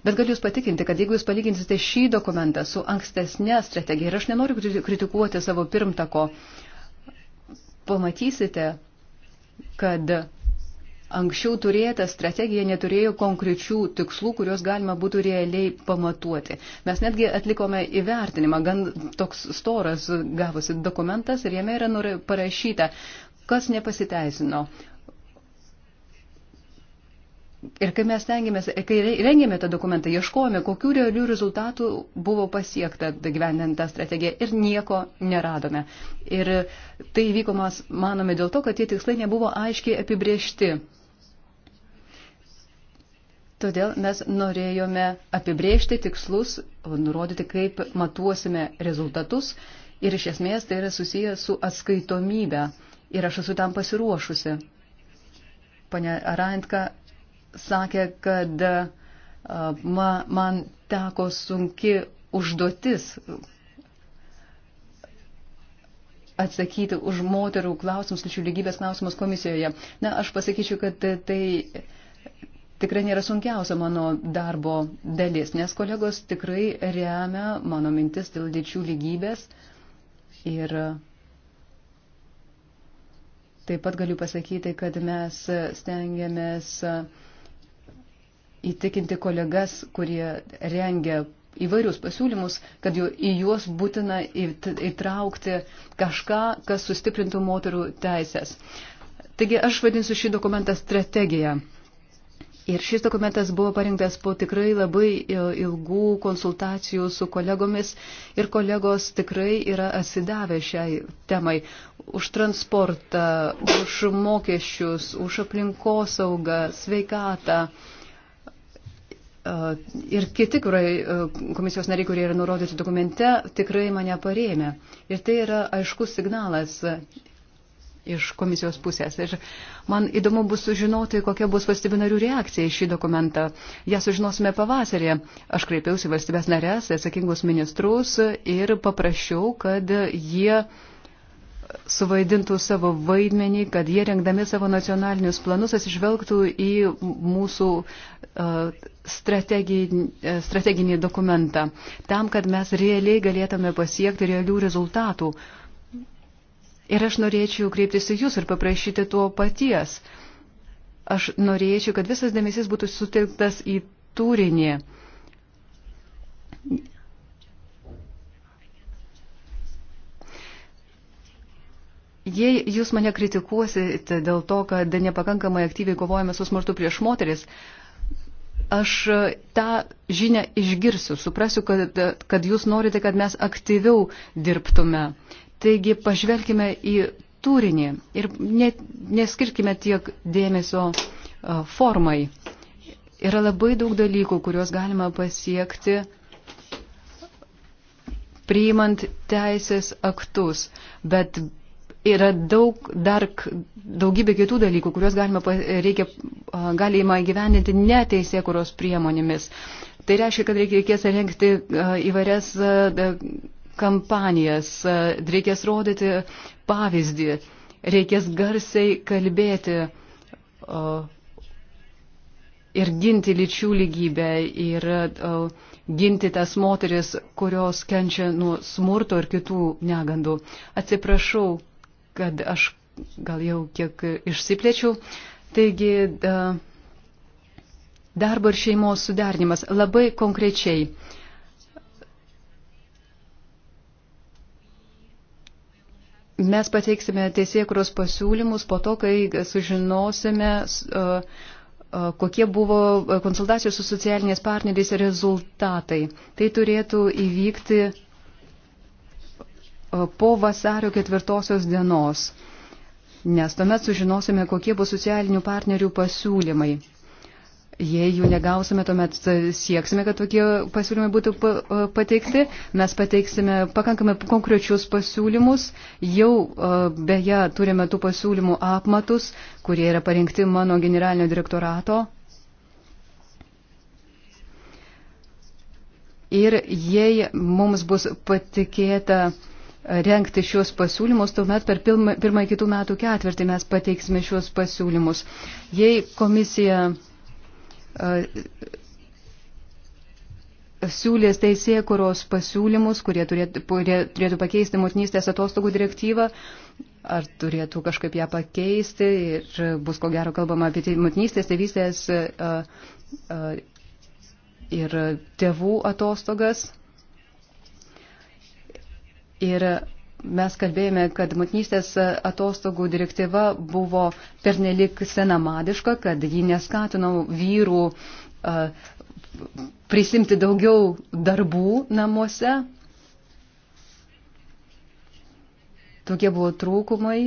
Bet galiu Jūs patikinti, kad jeigu Jūs palyginsite šį dokumentą su ankstesnė strategija, ir aš nenoriu kritikuoti savo pirmtako, pamatysite, kad Anksčiau turėta strategija neturėjo konkrečių tikslų, kuriuos galima būtų realiai pamatuoti. Mes netgi atlikome įvertinimą, gan toks storas gavosi dokumentas ir jame yra parašyta, kas nepasiteisino, Ir kai mes tengiamės, kai rengėme tą dokumentą, ieškojome, kokių realių rezultatų buvo pasiekta gyvendant tą strategiją ir nieko neradome. Ir tai vyko, mes manome, dėl to, kad tie tikslai nebuvo aiškiai apibriešti. Todėl mes norėjome apibriežti tikslus, nurodyti, kaip matuosime rezultatus ir iš esmės tai yra susiję su atskaitomybė. Ir aš esu tam pasiruošusi. Pane Arantka sakė, kad e, ma, man teko sunki užduotis atsakyti už moterų klausimus, lyčių lygybės klausimus komisijoje. Na, aš pasakyčiau, kad tai tikrai nėra sunkiausia mano darbo dalis, nes kolegos tikrai remia mano mintis dėl lyčių lygybės. Ir taip pat galiu pasakyti, kad mes stengiamės uh, įtikinti kolegas, kurie rengia įvairius pasiūlymus, kad jau į juos būtina įtraukti kažką, kas sustiprintų moterų teisės. Taigi aš vadinsiu šį dokumentą strategiją. Ir šis dokumentas buvo parinktas po tikrai labai ilgų konsultacijų su kolegomis ir kolegos tikrai yra atsidavę šiai temai už transportą, už mokesčius, už aplinkosaugą, sveikatą. Uh, ir kiti kurai, e, komisijos nariai, kurie yra nurodyti dokumente, tikrai mane parėmė. Ir tai yra aiškus signalas e, iš komisijos pusės. Ir man įdomu bus sužinoti, kokia bus valstybių narių reakcija į šį dokumentą. Ja sužinosime pavasarį. Aš kreipiausi valstybės narės, atsakingus ministrus ir paprašiau, kad jie uh, suvaidintų savo vaidmenį, kad jie rengdami savo nacionalinius planus atsižvelgtų į mūsų e, strateginį, e, strateginį dokumentą, tam, kad mes realiai galėtume pasiekti realių rezultatų. Ir aš norėčiau kreiptis į Jūs ir paprašyti tuo paties. Aš norėčiau, kad visas dėmesys būtų sutilktas į turinį Jei jūs mane kritikuosite dėl to, kad nepakankamai aktyviai kovojame su smurtu prieš moteris, aš e, tą žinę išgirsiu, suprasiu, kad, kad jūs norite, kad mes aktyviau dirbtume. Taigi pažvelkime į turinį ir ne, neskirkime tiek dėmesio e, formai. Yra labai daug dalykų, kuriuos galima pasiekti priimant teisės aktus, bet yra daug dar daugybė kitų dalykų, kuriuos galima, reikia, galima įgyvendinti ne teisėkuros priemonėmis. Tai reiškia, kad reikės rengti įvairias kampanijas, reikės rodyti pavyzdį, reikės garsiai kalbėti ir ginti lyčių lygybę ir ginti tas moteris, kurios kenčia nuo smurto ir kitų negandų. Atsiprašau, kad aš gal jau kiek išsiplėčiau. Taigi, darbo ir šeimos sudarnimas labai konkrečiai. Mes pateiksime teisėkuros pasiūlymus po to, kai sužinosime, kokie buvo konsultacijos su socialiniais partneriais rezultatai. Tai turėtų įvykti po vasario ketvirtosios dienos, nes tuomet sužinosime, kokie bus socialinių partnerių pasiūlymai. Jei jų negausime, tuomet sieksime, kad tokie pasiūlymai būtų pateikti. Mes pateiksime pakankamai konkrečius pasiūlymus. Jau beje turime tų pasiūlymų apmatus, kurie yra parinkti mano generalinio direktorato. Ir jei mums bus patikėta uh, renkti šios pasiūlymus, tuomet per pirmą, pirmą kitų metų ketvirtį mes pateiksime šios pasiūlymus. Jei komisija siūlės teisėkuros pasiūlymus, kurie turėtų, kurie turėtų pakeisti motinystės atostogų direktyvą, ar turėtų kažkaip ją pakeisti ir bus ko gero kalbama apie motinystės, tėvystės ir tėvų atostogas. Ir mes kalbėjome, kad motinystės atostogų direktyva buvo pernelik senamadiška, kad ji neskatino vyrų prisimti daugiau darbų namuose. Tokie buvo trūkumai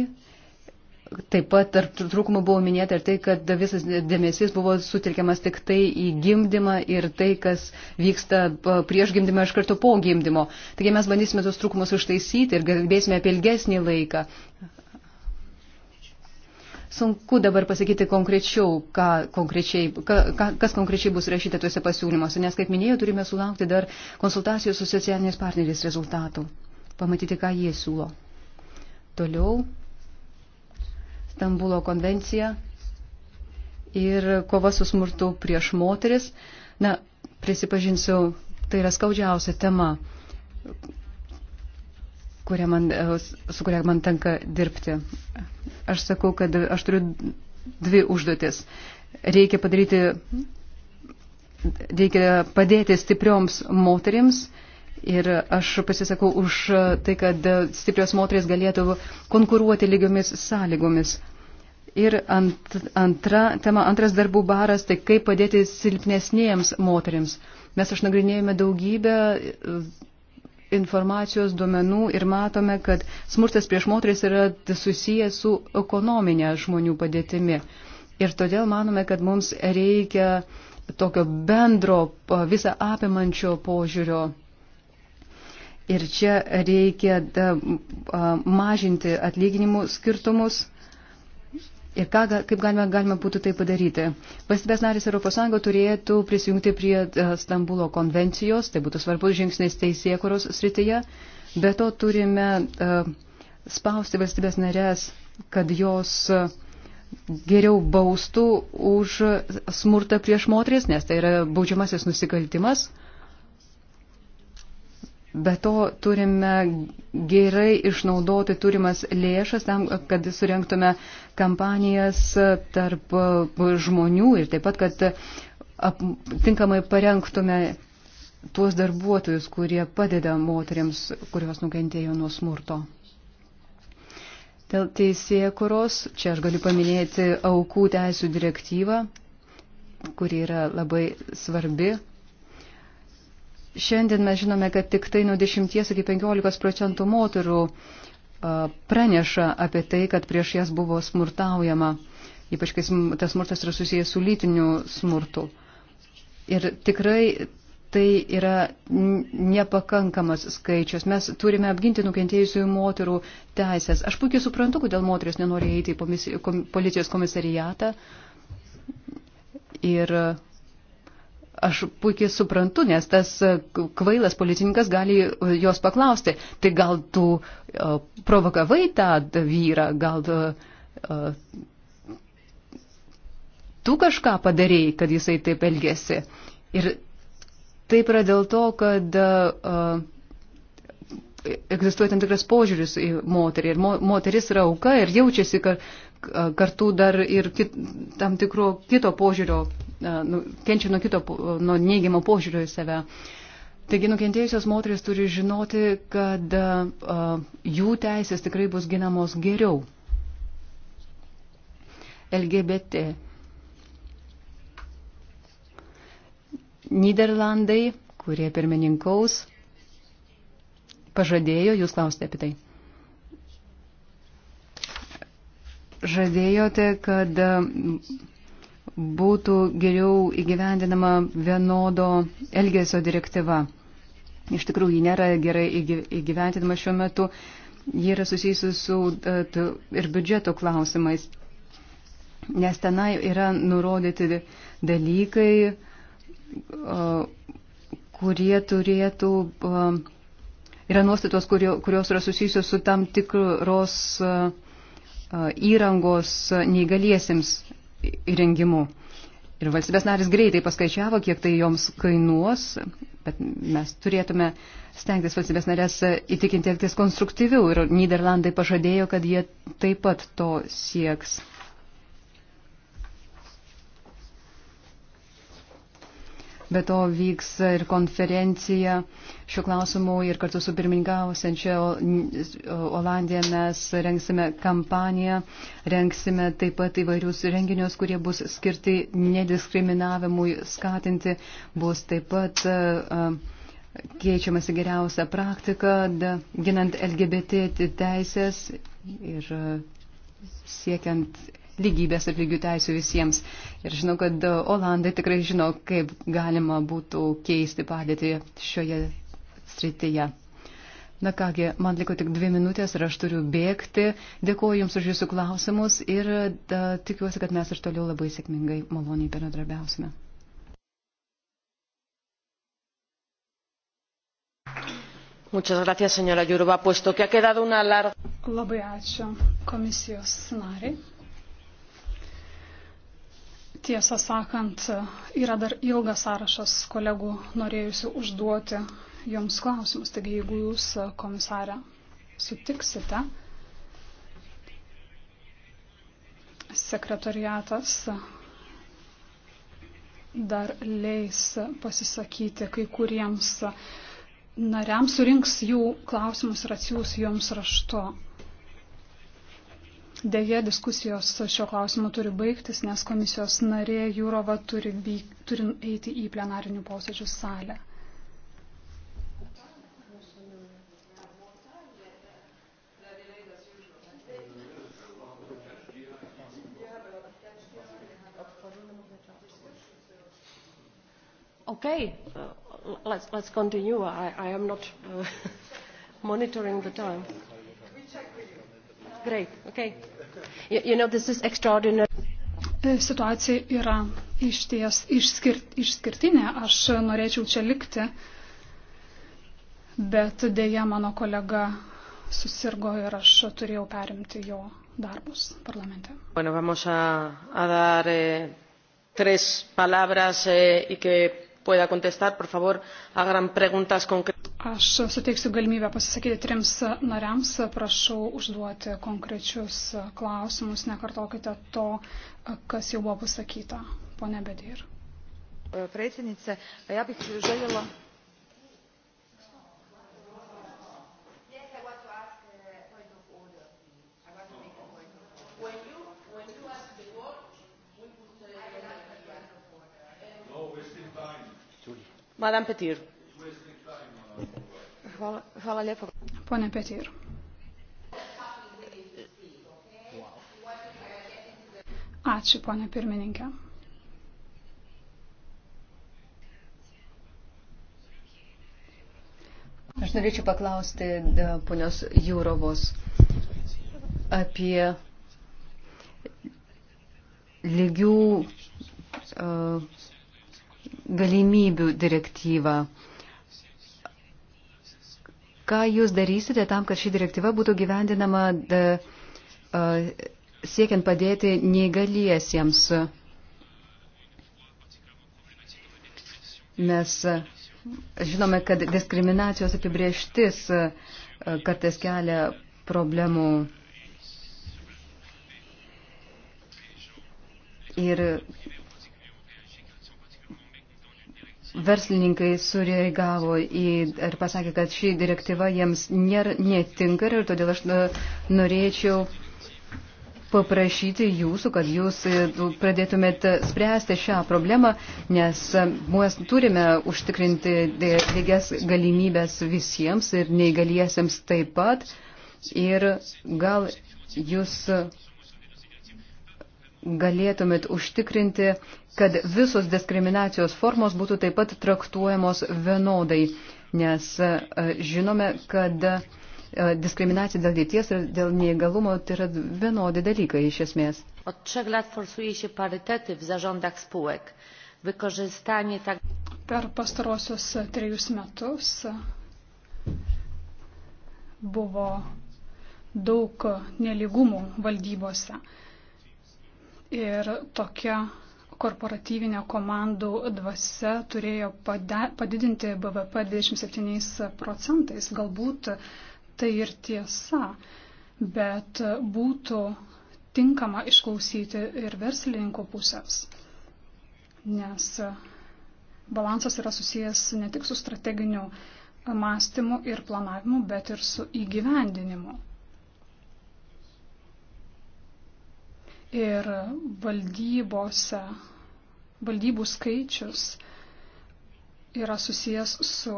Taip pat tarp trūkumų buvo minėta ir tai, kad visas dėmesys buvo sutelkiamas tik tai į gimdymą ir tai, kas vyksta prieš gimdymą ir iš karto po gimdymo. Taigi mes bandysime tos trūkumus užtaisyti ir kalbėsime apie ilgesnį laiką. Sunku dabar pasakyti konkrečiau, ką konkrečiai, ką, ką, kas konkrečiai bus rašyta tuose pasiūlymuose, nes, kaip minėjau, turime sulaukti dar konsultacijų su socialiniais partneriais rezultatų, pamatyti, ką jie siūlo. Toliau Stambulo konvenciją ir kova su smurtu prieš moteris. Na, prisipažinsiu, tai yra skaudžiausia tema, kuria man, su kuria man tenka dirbti. Aš sakau, kad aš turiu dvi užduotis. Reikia padaryti, reikia padėti stiprioms moterims Ir aš pasisakau už tai, kad stiprios moteris galėtų konkuruoti lygiomis sąlygomis. Ir ant, antra tema, antras darbų baras, tai kaip padėti silpnesnėjams moteriams. Mes išnagrinėjome daugybę e, informacijos duomenų ir matome, kad smurtas prieš moteris yra susijęs su ekonominė žmonių padėtimi. Ir todėl manome, kad mums reikia tokio bendro visą apimančio požiūrio Ir čia reikia da, mažinti atlyginimų skirtumus. Ir ką, kaip galima, galima būtų tai padaryti? Valstybės narys ES turėtų prisijungti prie Stambulo konvencijos, tai būtų svarbus žingsnis teisėkuros srityje. Be to turime spausti valstybės narės, kad jos geriau baustų už smurtą prieš moteris, nes tai yra baudžiamasis nusikaltimas. Be to turime gerai išnaudoti turimas lėšas tam, kad surenktume kampanijas tarp uh, žmonių ir taip pat, kad ap, tinkamai parengtume tuos darbuotojus, kurie padeda moteriams, kurios nukentėjo nuo smurto. Dėl teisėkuros, čia aš galiu paminėti aukų teisų direktyvą, kuri yra labai svarbi Šiandien mes žinome, kad tik tai nuo 10 iki 15 procentų moterų praneša apie tai, kad prieš jas buvo smurtaujama, ypač kai tas smurtas yra susijęs su lytiniu smurtu. Ir tikrai tai yra nepakankamas skaičius. Mes turime apginti nukentėjusiųjų moterų teisės. Aš puikiai suprantu, kodėl moteris nenori eiti į policijos komisariatą. Ir Aš puikiai suprantu, nes tas e, kvailas policininkas gali e, jos paklausti, tai gal tu e, provokavai tą vyrą, gal tu, tu kažką padarėjai, kad jisai taip elgėsi. Ir taip yra dėl to, kad egzistuoja tam tikras požiūris į moterį ir mo, moteris yra auka ir jaučiasi, kad kartu dar ir kit, tam tikro kito požiūrio, e, nu, kenčia nuo kito, nuo neigiamo požiūrio į save. Taigi nukentėjusios moteris turi žinoti, kad uh, jų teisės tikrai bus ginamos geriau. LGBT. Niderlandai, kurie pirmininkaus, pažadėjo, jūs klausite apie tai. žadėjote, kad būtų geriau įgyvendinama vienodo elgesio direktyva. Iš tikrųjų, ji nėra gerai įgyvendinama šiuo metu. Ji yra susijusi su e, ir biudžeto klausimais, nes tenai yra nurodyti dalykai, kurie turėtų, yra nuostatos, kurios yra susijusios su tam tikros e, įrangos neįgaliesiems įrengimu. Ir valstybės narys greitai paskaičiavo, kiek tai joms kainuos, bet mes turėtume stengtis valstybės narės įtikinti elgtis konstruktyviau ir Niderlandai pažadėjo, kad jie taip pat to sieks. Be to vyks ir konferencija šiuo klausimu ir kartu su pirmininkausiančia Olandija mes rengsime kampaniją, rengsime taip pat įvairius renginius, kurie bus skirti nediskriminavimui skatinti, bus taip pat e, keičiamasi geriausia praktika, ginant LGBT teisės ir e, siekiant lygybės ir lygių teisų visiems. Ir žinau, kad e, Olandai tikrai žino, kaip galima būtų keisti padėtį šioje srityje. Na kągi, man liko tik dvi minutės ir aš turiu bėgti. Dėkuoju Jums už Jūsų klausimus ir da, e, tikiuosi, kad mes ir toliau labai sėkmingai maloniai bendradarbiausime. señora jourová puesto que ha quedado una larga. labai ačiū komisijos narei Tiesą sakant, yra dar ilgas sąrašas kolegų norėjusių užduoti joms klausimus. Taigi, jeigu jūs, komisarė, sutiksite, sekretariatas dar leis pasisakyti kai kuriems nariams, surinks jų klausimus ir atsiūs joms raštu. Deja, diskusijos šio klausimu turi baigtis, nes komisijos narė Jūrova turi, vyk, turi eiti į plenarinių posėdžių salę. Okay, uh, let's, let's continue. I, I am not uh, monitoring the time great, okay. You, you know, this is extraordinary. Tai situacija yra iš ties išskirt, išskirtinė, aš norėčiau čia likti, bet dėja mano kolega susirgo ir aš turėjau perimti jo darbus parlamente. Bueno, vamos a, a dar eh, tres palabras eh, y que pueda contestar. Por favor, hagan preguntas concretas. Aš suteiksiu galimybę pasisakyti trims nariams. Prašau užduoti konkrečius klausimus. Nekartokite to, kas jau buvo pasakyta. Pone Bedir. Predsjednice, pa ja bih željela... Madame Petir. Hvala, hvala lijepo. Pone Petir. Ačiū, ponė pirmininkė. Aš norėčiau paklausti e, ponios Jūrovos apie lygių e, galimybių direktyvą. Ką jūs darysite tam, kad ši direktyva būtų gyvendinama da, a, siekiant padėti neįgaliesiems? Mes žinome, kad diskriminacijos apibrieštis kartais kelia problemų. Ir verslininkai sureagavo į ir pasakė, kad ši direktyva jiems nėra, netinka ir todėl aš e, norėčiau paprašyti jūsų, kad jūs e, pradėtumėt spręsti šią problemą, nes e, mes turime užtikrinti lygias galimybės visiems ir neįgaliesiems taip pat. Ir gal jūs galėtumėt užtikrinti, kad visos diskriminacijos formos būtų taip pat traktuojamos vienodai, nes e, žinome, kad e, diskriminacija dėl lyties ir dėl neįgalumo tai yra vienodi dalykai iš esmės. Od trzech lat forsuje się parytety w zarządach spółek. Wykorzystanie tak. Per pastarosius trejus metus buvo daug neligumų valdybose. Ir tokia korporatyvinė komandų dvasia turėjo padidinti BVP 27 procentais. Galbūt tai ir tiesa, bet būtų tinkama išklausyti ir verslininkų pusės, nes balansas yra susijęs ne tik su strateginiu mąstymu ir planavimu, bet ir su įgyvendinimu. ir valdybose, valdybų skaičius yra susijęs su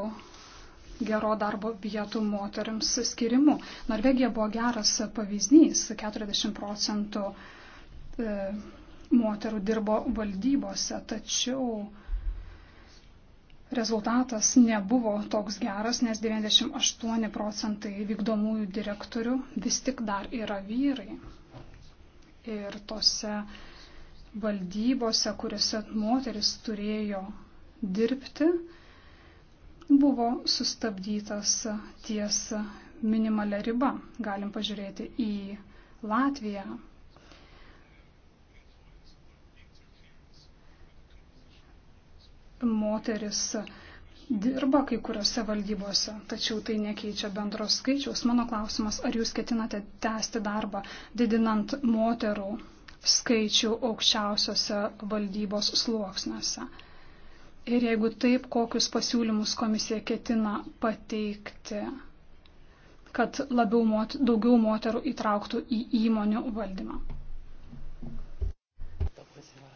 gero darbo vietų moteriams skirimu. Norvegija buvo geras pavyzdys, 40 procentų e, moterų dirbo valdybose, tačiau rezultatas nebuvo toks geras, nes 98 procentai vykdomųjų direktorių vis tik dar yra vyrai ir tose valdybose, kuriuose moteris turėjo dirbti, buvo sustabdytas ties minimalia riba. Galim pažiūrėti į Latviją. Moteris dirba kai kuriuose valdybose, tačiau tai nekeičia bendros skaičiaus. Mano klausimas, ar jūs ketinate tęsti darbą didinant moterų skaičių aukščiausiose valdybos sluoksniuose? Ir jeigu taip, kokius pasiūlymus komisija ketina pateikti, kad labiau mot, daugiau moterų įtrauktų į įmonių valdymą?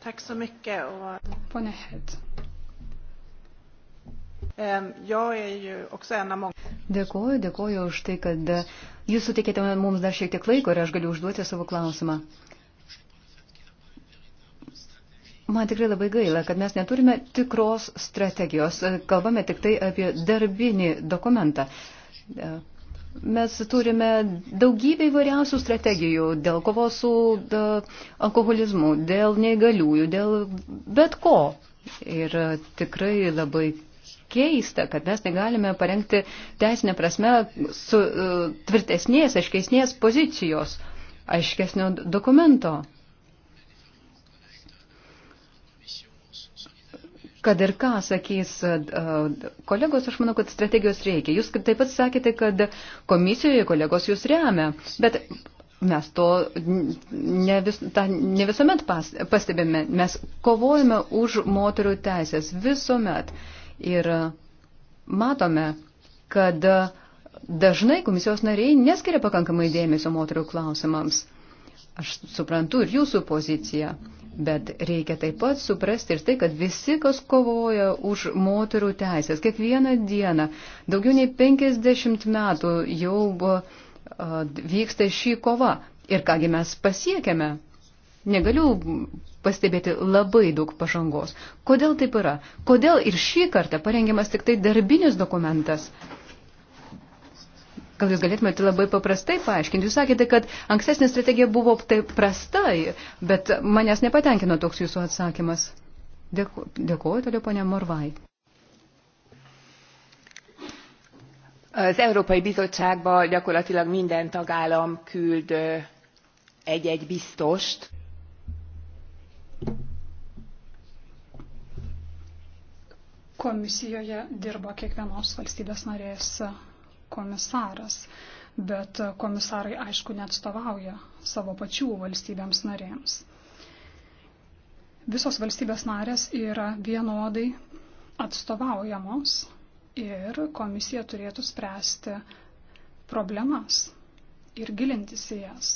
Tack så mycket. Pone Hed. Dėkuoju, dėkuoju už tai, kad e, jūs sutikėte mums dar šiek tiek laiko ir aš galiu užduoti savo klausimą. Man tikrai labai gaila, kad mes neturime tikros strategijos. E, kalbame tik tai apie darbinį dokumentą. E, mes turime daugybę įvairiausių strategijų dėl kovos su alkoholizmu, dėl neįgaliųjų, dėl bet ko. Ir tikrai labai keista, kad mes negalime parengti teisinę prasme su e, tvirtesnės, aiškesnės pozicijos, aiškesnio dokumento. Kad ir ką sakys e, kolegos, aš manau, kad strategijos reikia. Jūs taip pat sakėte, kad komisijoje kolegos jūs remia, bet mes to ne, vis, tą, ne visuomet pas, pastebėme. Mes kovojame už moterų teisės visuomet. Ir matome, kad dažnai komisijos nariai neskiria pakankamai dėmesio moterų klausimams. Aš suprantu ir jūsų poziciją, bet reikia taip pat suprasti ir tai, kad visi, kas kovoja už moterų teisės, kiekvieną dieną, daugiau nei 50 metų jau buvo, vyksta šį kovą. Ir kągi mes pasiekėme negaliu pastebėti labai daug pažangos. Kodėl taip yra? Kodėl ir šį kartą parengiamas tik tai darbinis dokumentas? Gal jūs galėtumėte labai paprastai paaiškinti? Jūs sakėte, kad ankstesnė strategija buvo taip prastai, bet manęs nepatenkino toks jūsų atsakymas. Dėku, dėkuoju toliau, ponia Morvai. Az Európai Bizottságba gyakorlatilag minden tagállam küld egy-egy biztost. komisijoje dirba kiekvienos valstybės narės komisaras, bet komisarai aišku neatstovauja savo pačių valstybėms narėms. Visos valstybės narės yra vienodai atstovaujamos ir komisija turėtų spręsti problemas ir gilintis į jas.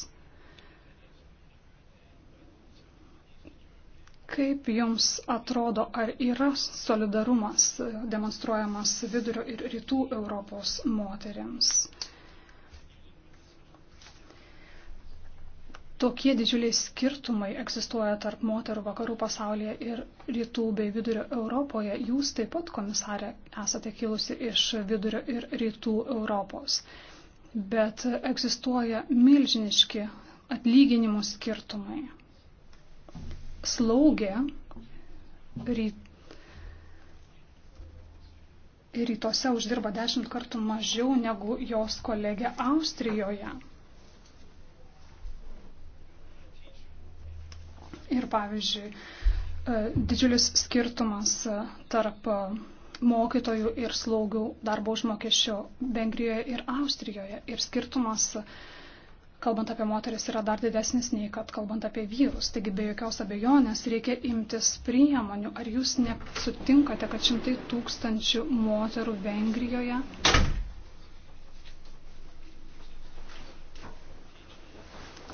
Kaip jums atrodo, ar yra solidarumas demonstruojamas vidurio ir rytų Europos moteriams? Tokie didžiuliai skirtumai egzistuoja tarp moterų vakarų pasaulyje ir rytų bei vidurio Europoje. Jūs taip pat, komisarė, esate kilusi iš vidurio ir rytų Europos. Bet egzistuoja milžiniški atlyginimų skirtumai slaugė ryt, rytuose uždirba dešimt kartų mažiau negu jos kolegė Austrijoje. Ir pavyzdžiui, e, didžiulis skirtumas e, tarp e, mokytojų ir slaugių darbo užmokesčio Vengrijoje ir Austrijoje. Ir skirtumas uh, kalbant apie moteris, yra dar didesnis nei kad kalbant apie vyrus. Taigi be jokios abejonės reikia imtis priemonių. Ar jūs nesutinkate, kad šimtai tūkstančių moterų Vengrijoje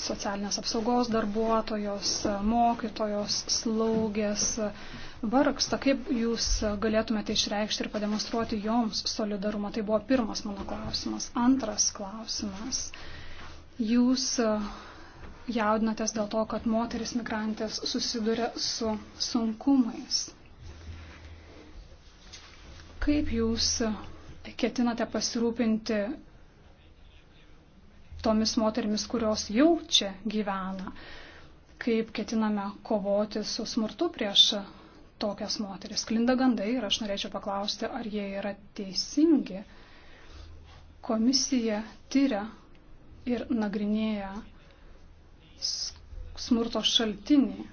socialinės apsaugos darbuotojos, mokytojos, slaugės vargsta, kaip jūs galėtumėte išreikšti ir pademonstruoti joms solidarumą. Tai buvo pirmas mano klausimas. Antras klausimas. Uh, Jūs e, jaudinatės dėl to, kad moteris migrantės susiduria su sunkumais. Kaip jūs e, ketinate pasirūpinti tomis moterimis, kurios jau čia gyvena? Kaip ketiname kovoti su smurtu prieš tokias moteris? Klinda gandai ir aš norėčiau paklausti, ar jie yra teisingi. Komisija tyria ir nagrinėja smurto šaltinį.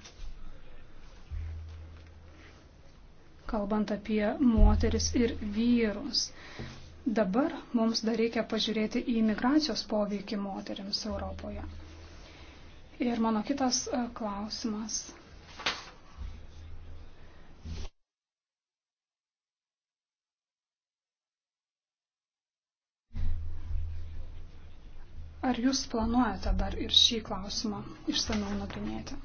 Kalbant apie moteris ir vyrus. Dabar mums dar reikia pažiūrėti į migracijos poveikį moteriams Europoje. Ir mano kitas e, klausimas Ar jūs planuojate dar ir šį klausimą išsameu nagrinėti?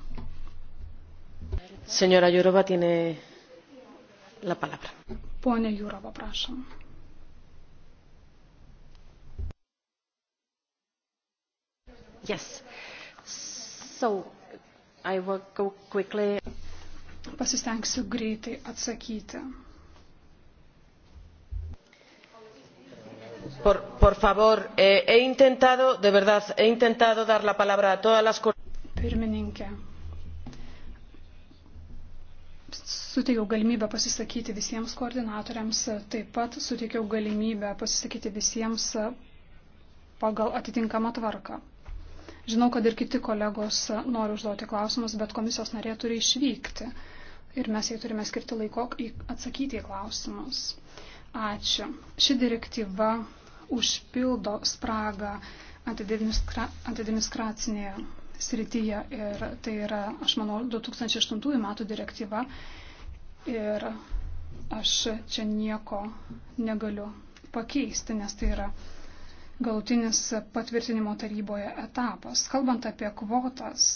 Senora Jurova tiene la palabra. Pone Jurova, prašom. Yes. So, I will go quickly. Pasistengsiu greitai atsakyti. Por, por favor, eh, he intentado, de verdad, he intentado dar la palabra a todas las. Pirmininkė. Suteikiau galimybę pasisakyti visiems koordinatoriams, taip pat suteikiau galimybę pasisakyti visiems pagal atitinkamą tvarką. Žinau, kad ir kiti kolegos nori užduoti klausimus, bet komisijos narė turi išvykti ir mes jai turime skirti laiko atsakyti į klausimus. Ačiū. Ši direktyva užpildo spragą antideminiskracinėje srityje ir tai yra, aš manau, 2008 metų direktyva ir aš čia nieko negaliu pakeisti, nes tai yra galutinis patvirtinimo taryboje etapas. Kalbant apie kvotas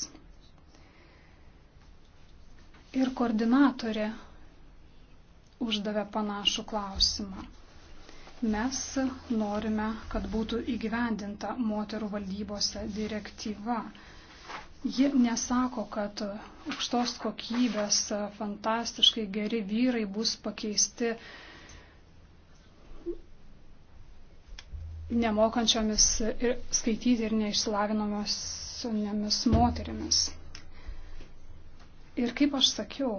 ir koordinatorė uždavė panašų klausimą. Mes norime, kad būtų įgyvendinta moterų valdybose direktyva. Ji nesako, kad aukštos kokybės fantastiškai geri vyrai bus pakeisti nemokančiomis ir skaityti ir neišsilavinomis moterimis. Ir kaip aš sakiau,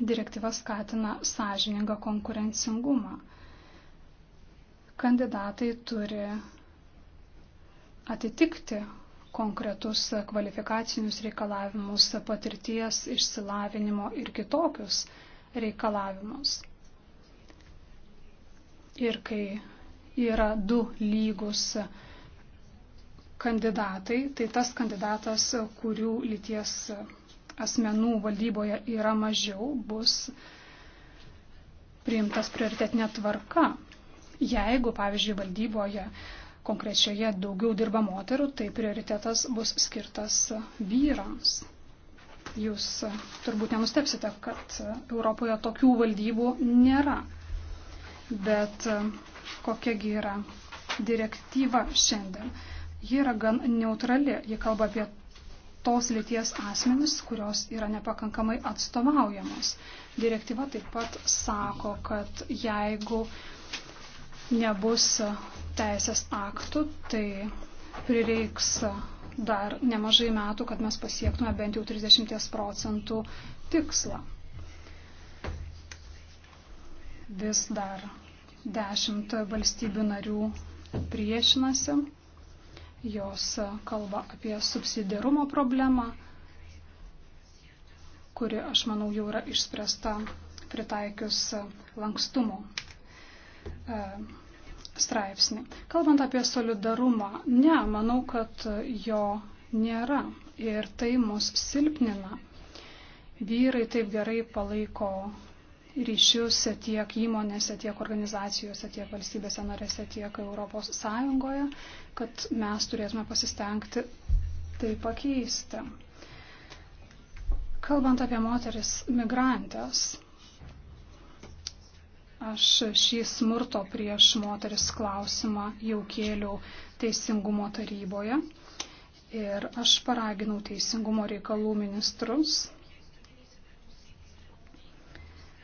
direktyva skatina sąžiningą konkurencingumą. Kandidatai turi atitikti konkretus kvalifikacinius reikalavimus, patirties, išsilavinimo ir kitokius reikalavimus. Ir kai yra du lygus kandidatai, tai tas kandidatas, kurių lyties asmenų valdyboje yra mažiau, bus priimtas prioritetinė tvarka. Jeigu, pavyzdžiui, valdyboje konkrečioje daugiau dirba moterų, tai prioritetas bus skirtas vyrams. Jūs turbūt nenustepsite, kad Europoje tokių valdybų nėra. Bet kokiagi yra direktyva šiandien? Ji yra gan neutrali. Ji kalba apie tos lyties asmenis, kurios yra nepakankamai atstovaujamos. Direktyva taip pat sako, kad jeigu nebus teisės aktų, tai prireiks dar nemažai metų, kad mes pasiektume bent jau 30 procentų tikslą. Vis dar 10 valstybių narių priešinasi Jos kalba apie subsidiarumo problemą, kuri, aš manau, jau yra išspręsta pritaikius lankstumo e, straipsnį. Kalbant apie solidarumą, ne, manau, kad jo nėra ir tai mus silpnina. Vyrai taip gerai palaiko ryšius tiek įmonėse, tiek organizacijose, tiek valstybėse narėse, tiek Europos Sąjungoje, kad mes turėtume pasistengti tai pakeisti. Kalbant apie moteris migrantės, aš šį smurto prieš moteris klausimą jau kėliau teisingumo taryboje ir aš paraginau teisingumo reikalų ministrus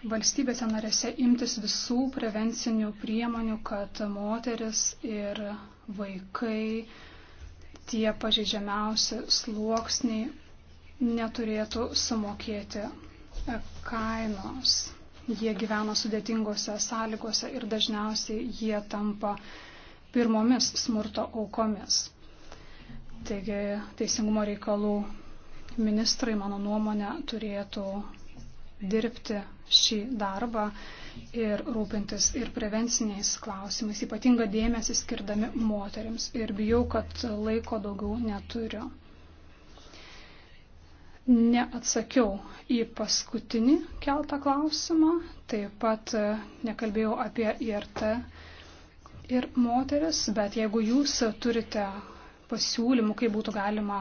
valstybėse narėse imtis visų prevencinių priemonių, kad moteris ir vaikai, tie pažeidžiamiausi sluoksniai neturėtų sumokėti kainos. Jie gyvena sudėtingose sąlygose ir dažniausiai jie tampa pirmomis smurto aukomis. Taigi teisingumo reikalų ministrai, mano nuomonė, turėtų dirbti šį darbą ir rūpintis ir prevenciniais klausimais, ypatinga dėmesį skirdami moteriams. Ir bijau, kad laiko daugiau neturiu. Neatsakiau į paskutinį keltą klausimą, taip pat e, nekalbėjau apie IRT ir moteris, bet jeigu jūs turite pasiūlymų, kaip būtų galima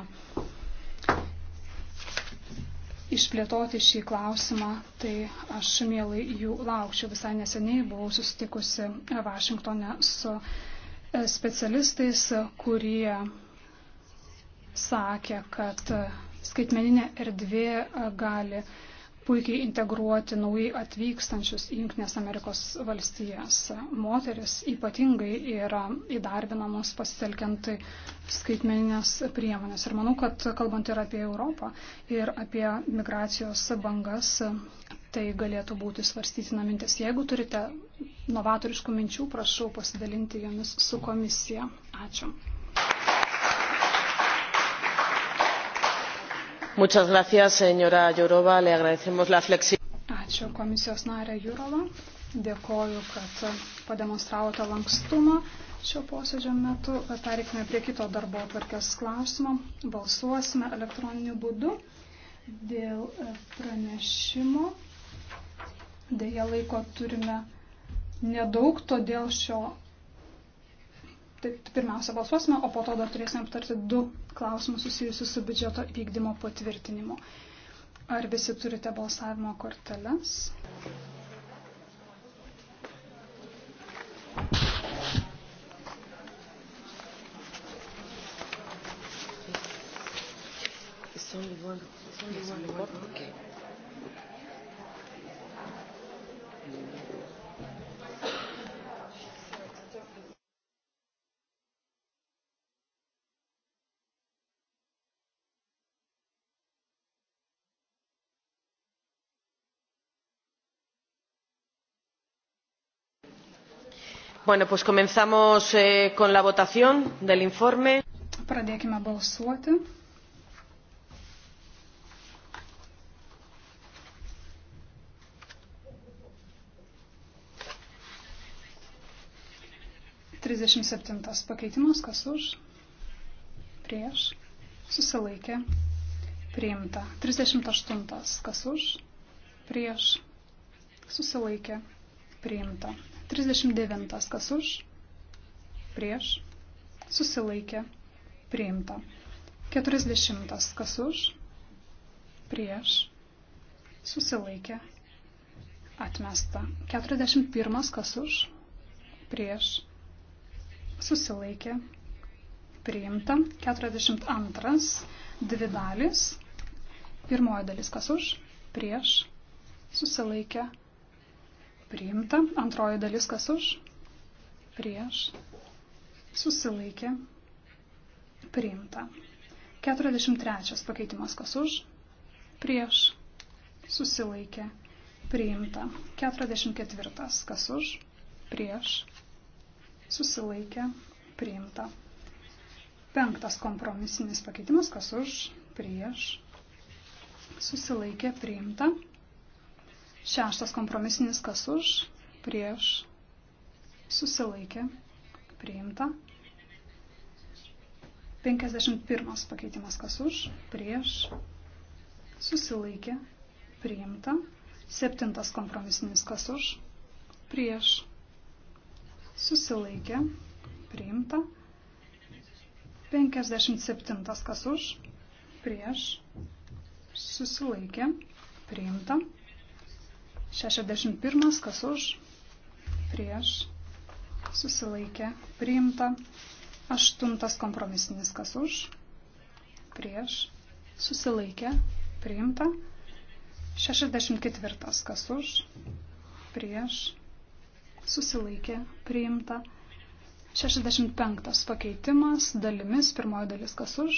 išplėtoti šį klausimą, tai aš mielai jų laukčiau. Visai neseniai buvau susitikusi Vašingtone su e, specialistais, kurie sakė, kad skaitmeninė erdvė e, gali puikiai integruoti naujai atvykstančius į Junktinės Amerikos valstijas. Moteris ypatingai yra įdarbinamos pasitelkiant skaitmeninės priemonės. Ir manau, kad kalbant ir apie Europą, ir apie migracijos bangas, tai galėtų būti svarstytina mintis. Jeigu turite novatoriškų minčių, prašau pasidalinti jomis su komisija. Ačiū. Muchas gracias, señora Jurova. Le agradecemos la flexibilidad. Ačiū komisijos narė Jurova. Dėkoju, kad pademonstravote lankstumą. Šio posėdžio metu pereikime prie kito darbo atvarkės klausimo. Balsuosime elektroniniu būdu dėl e, pranešimo. Deja, laiko turime nedaug, todėl šio. Taip, pirmiausia balsuosime, o po to dar turėsime aptarti du klausimus susijusius su biudžeto vykdymo patvirtinimu. Ar visi turite balsavimo korteles? Bueno, pues comenzamos eh, con la votación del informe. Pradėkime balsuoti. Trisdešimt septintas pakeitimas, kas už, prieš, susilaikė, priimta. Trisdešimt aštuntas, kas už, prieš, susilaikė, priimta. 39. Kas už? Prieš. Susilaikė. Priimta. 40. Kas už? Prieš. Susilaikė. Atmesta. 41. Kas už? Prieš. Susilaikė. Priimta. 42. Dvi dalis. Pirmoji dalis kas už? Prieš. Susilaikė priimta. Antroji dalis kas už, prieš, susilaikė, priimta. 43 pakeitimas kas už, prieš, susilaikė, priimta. 44 kas už, prieš, susilaikė, priimta. Penktas kompromisinis pakeitimas kas už, prieš, susilaikė, priimta. Šeštas kompromisinis kas už, prieš, susilaikė, priimta. 51 pakeitimas kas už, prieš, susilaikė, priimta. Septintas kompromisinis kas už, prieš, susilaikė, priimta. 57 kas už, prieš, susilaikė, priimta. 61. Kas už? Prieš. Susilaikė. Priimta. 8. Kompromisinis. Kas už? Prieš. Susilaikė. Priimta. 64. Kas už? Prieš. Susilaikė. Priimta. 65 pakeitimas, dalimis, pirmoji dalis kas už,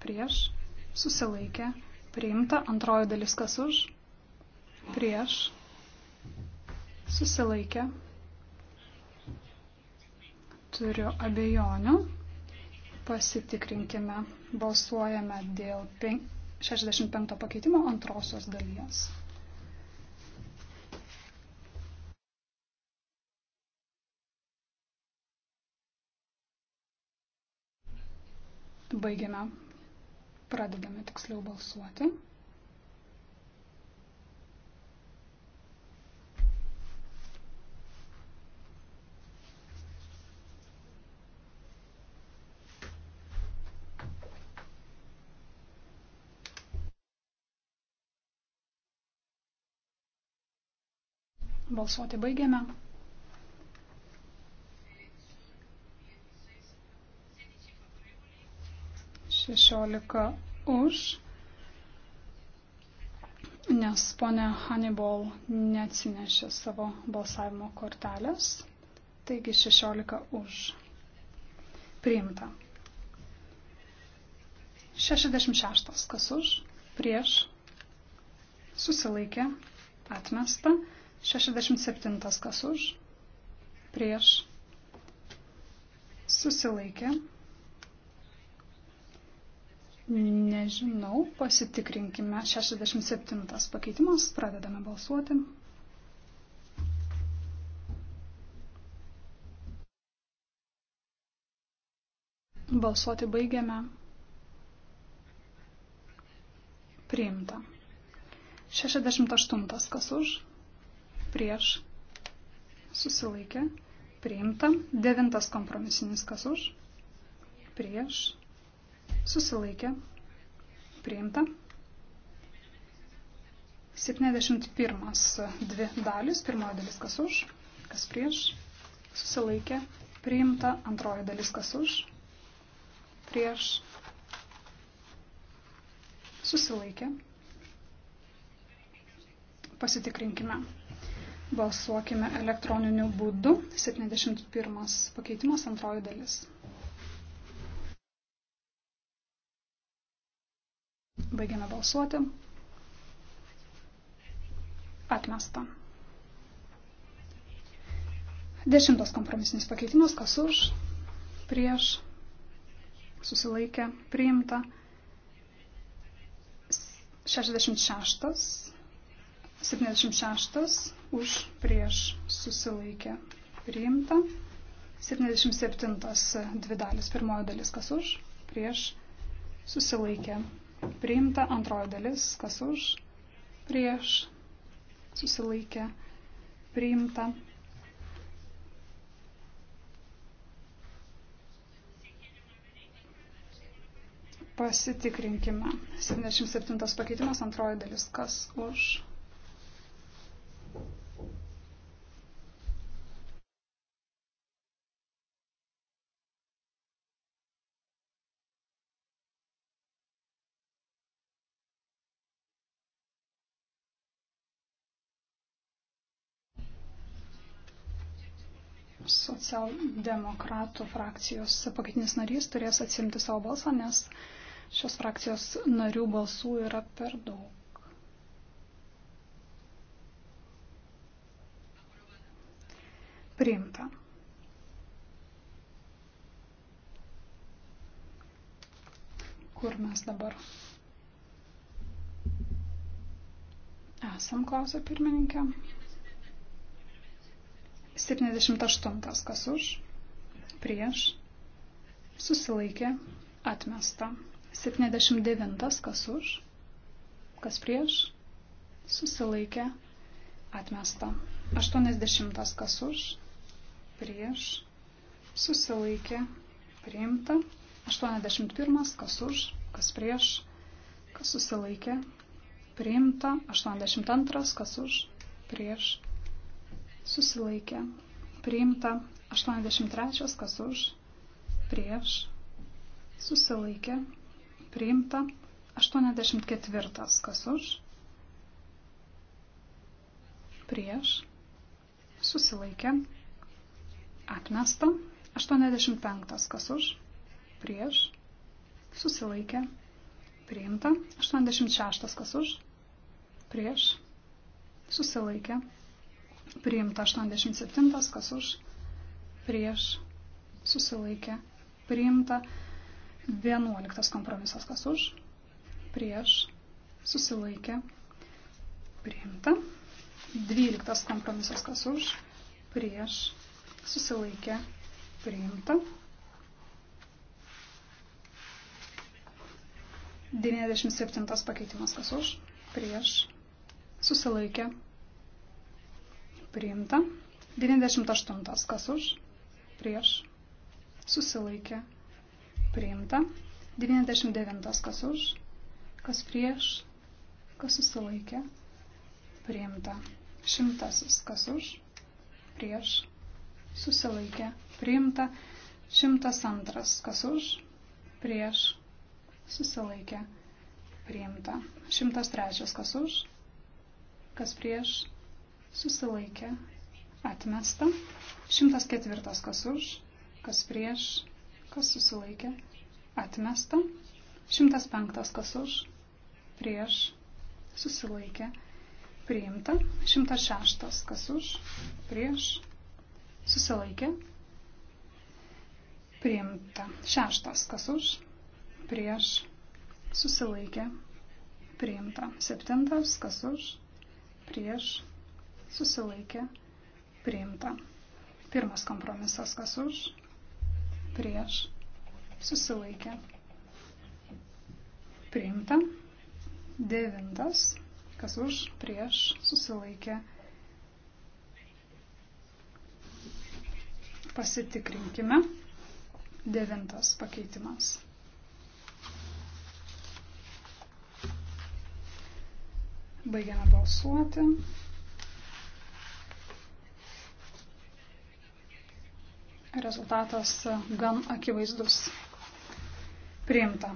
prieš, susilaikė, priimta, antroji dalis kas už, prieš, susilaikę, turiu abejonių, pasitikrinkime, balsuojame dėl 65 pakeitimo antrosios dalies. Baigiame, pradedame tiksliau balsuoti. Balsuoti baigiame. Šešiolika už, nes ponė Hannibal neatsinešė savo balsavimo kortelės. Taigi 16 už. Priimta. 66. Kas už? Prieš. Susilaikė. Atmesta. 67 kas už, prieš, susilaikė. Nežinau, pasitikrinkime 67 pakeitimas, pradedame balsuoti. Balsuoti baigiame. Priimta. 68 kas už prieš susilaikė priimta. Devintas kompromisinis kas už prieš susilaikė priimta. 71 dvi dalis, pirmoji dalis kas už, kas prieš, susilaikė, priimta, antroji dalis kas už, prieš, susilaikė. Pasitikrinkime. Balsuokime elektroniniu būdu. 71 pakeitimas antroji dalis. Baigiame balsuoti. Atmesta. Dešimtas kompromisinis pakeitimas, kas už, prieš, susilaikė, priimta. 66 76 už prieš susilaikė priimta. 77 dvi dalis. Pirmoji dalis kas už, prieš susilaikė priimta. Antroji dalis kas už, prieš susilaikė priimta. Pasitikrinkime. 77 pakeitimas, antroji dalis kas už socialdemokratų frakcijos pakaitinis narys turės atsimti savo balsą, nes šios frakcijos narių balsų yra per daug. Priimta. Kur mes dabar esam, klausia pirmininkė. 78. Kas už? Prieš. Susilaikė. Atmesta. 79. Kas už? Kas prieš? Susilaikė. Atmesta. 80. Kas už? Prieš. Susilaikė. Priimta. 81. Kas už? Kas prieš? Kas susilaikė? Priimta. 82. Kas už? Prieš susilaikė, priimta 83, kas už, prieš, susilaikė, priimta 84, kas už, prieš, susilaikė, atmesta 85, kas už, prieš, susilaikė, priimta 86, kas už, prieš, susilaikė, atmesta Priimta 87, kas už, prieš, susilaikė, priimta 11 kompromisas, kas už, prieš, susilaikė, priimta 12 kompromisas, kas už, prieš, susilaikė, priimta 97 pakeitimas, kas už, prieš, susilaikė, priimta priimta. 98. Kas už? Prieš. Susilaikė. Priimta. 99. Kas už? Kas prieš? Kas susilaikė? Priimta. Šimtasis. Kas už? Prieš. Susilaikė. Priimta. Šimtas antras. Kas už? Prieš. Susilaikė. Priimta. Šimtas trečias. Kas už? Kas prieš? susilaikė, atmesta. 104 kas už, kas prieš, kas susilaikė, atmesta. 105 kas už, prieš, susilaikė, priimta. 106 kas už, prieš, susilaikė, priimta. 6 kas už, prieš, susilaikė, priimta. 7 kas už, prieš, susilaikė, priimta. Pirmas kompromisas, kas už, prieš, susilaikė, priimta. Devintas, kas už, prieš, susilaikė, pasitikrinkime. Devintas pakeitimas. Baigiame balsuoti. Rezultatas gan akivaizdus. Priimta.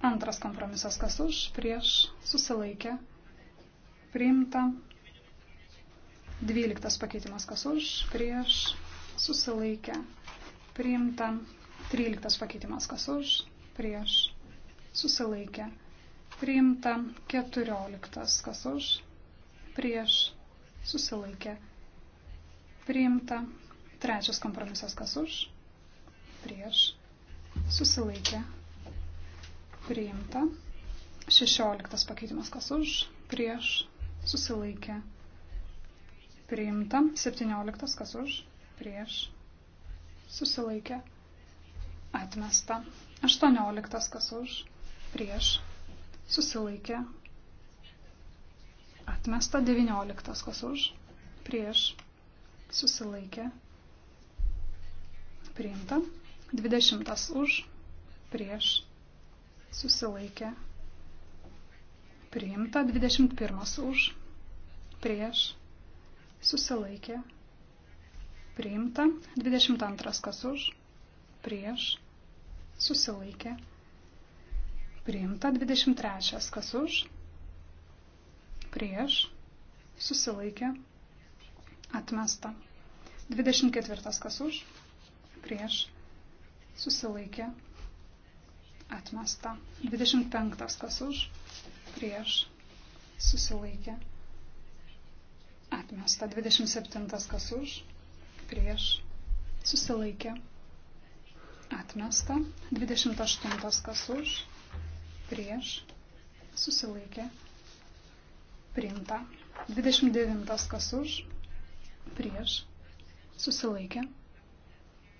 Antras kompromisas, kas už, prieš, susilaikė. Priimta. Dvyliktas pakeitimas, kas už, prieš, susilaikė. Priimta. Tryliktas pakeitimas, kas už, prieš, susilaikė. Priimta. Keturioliktas, kas už, prieš, susilaikė. Priimta. Trečias kompromisas kas už, prieš, susilaikė, priimta. Šešioliktas pakeitimas kas už, prieš, susilaikė, priimta. Septynioliktas kas už, prieš, susilaikė, atmesta. Aštuonioliktas kas už, prieš, susilaikė, atmesta. Devynioliktas kas už, prieš, susilaikė, atmesta susilaikė, priimta. 20 už, prieš, susilaikė, priimta. 21 už, prieš, susilaikė, priimta. 22 kas už, prieš, susilaikė, priimta. 23 kas už, prieš, susilaikė, atmesta. 24 kas už, prieš susilaikė atmesta. 25 kas už prieš susilaikė atmesta. 27 kas už prieš susilaikė atmesta. 28 kas už prieš susilaikė priimta. 29 kas už prieš susilaikė atmesta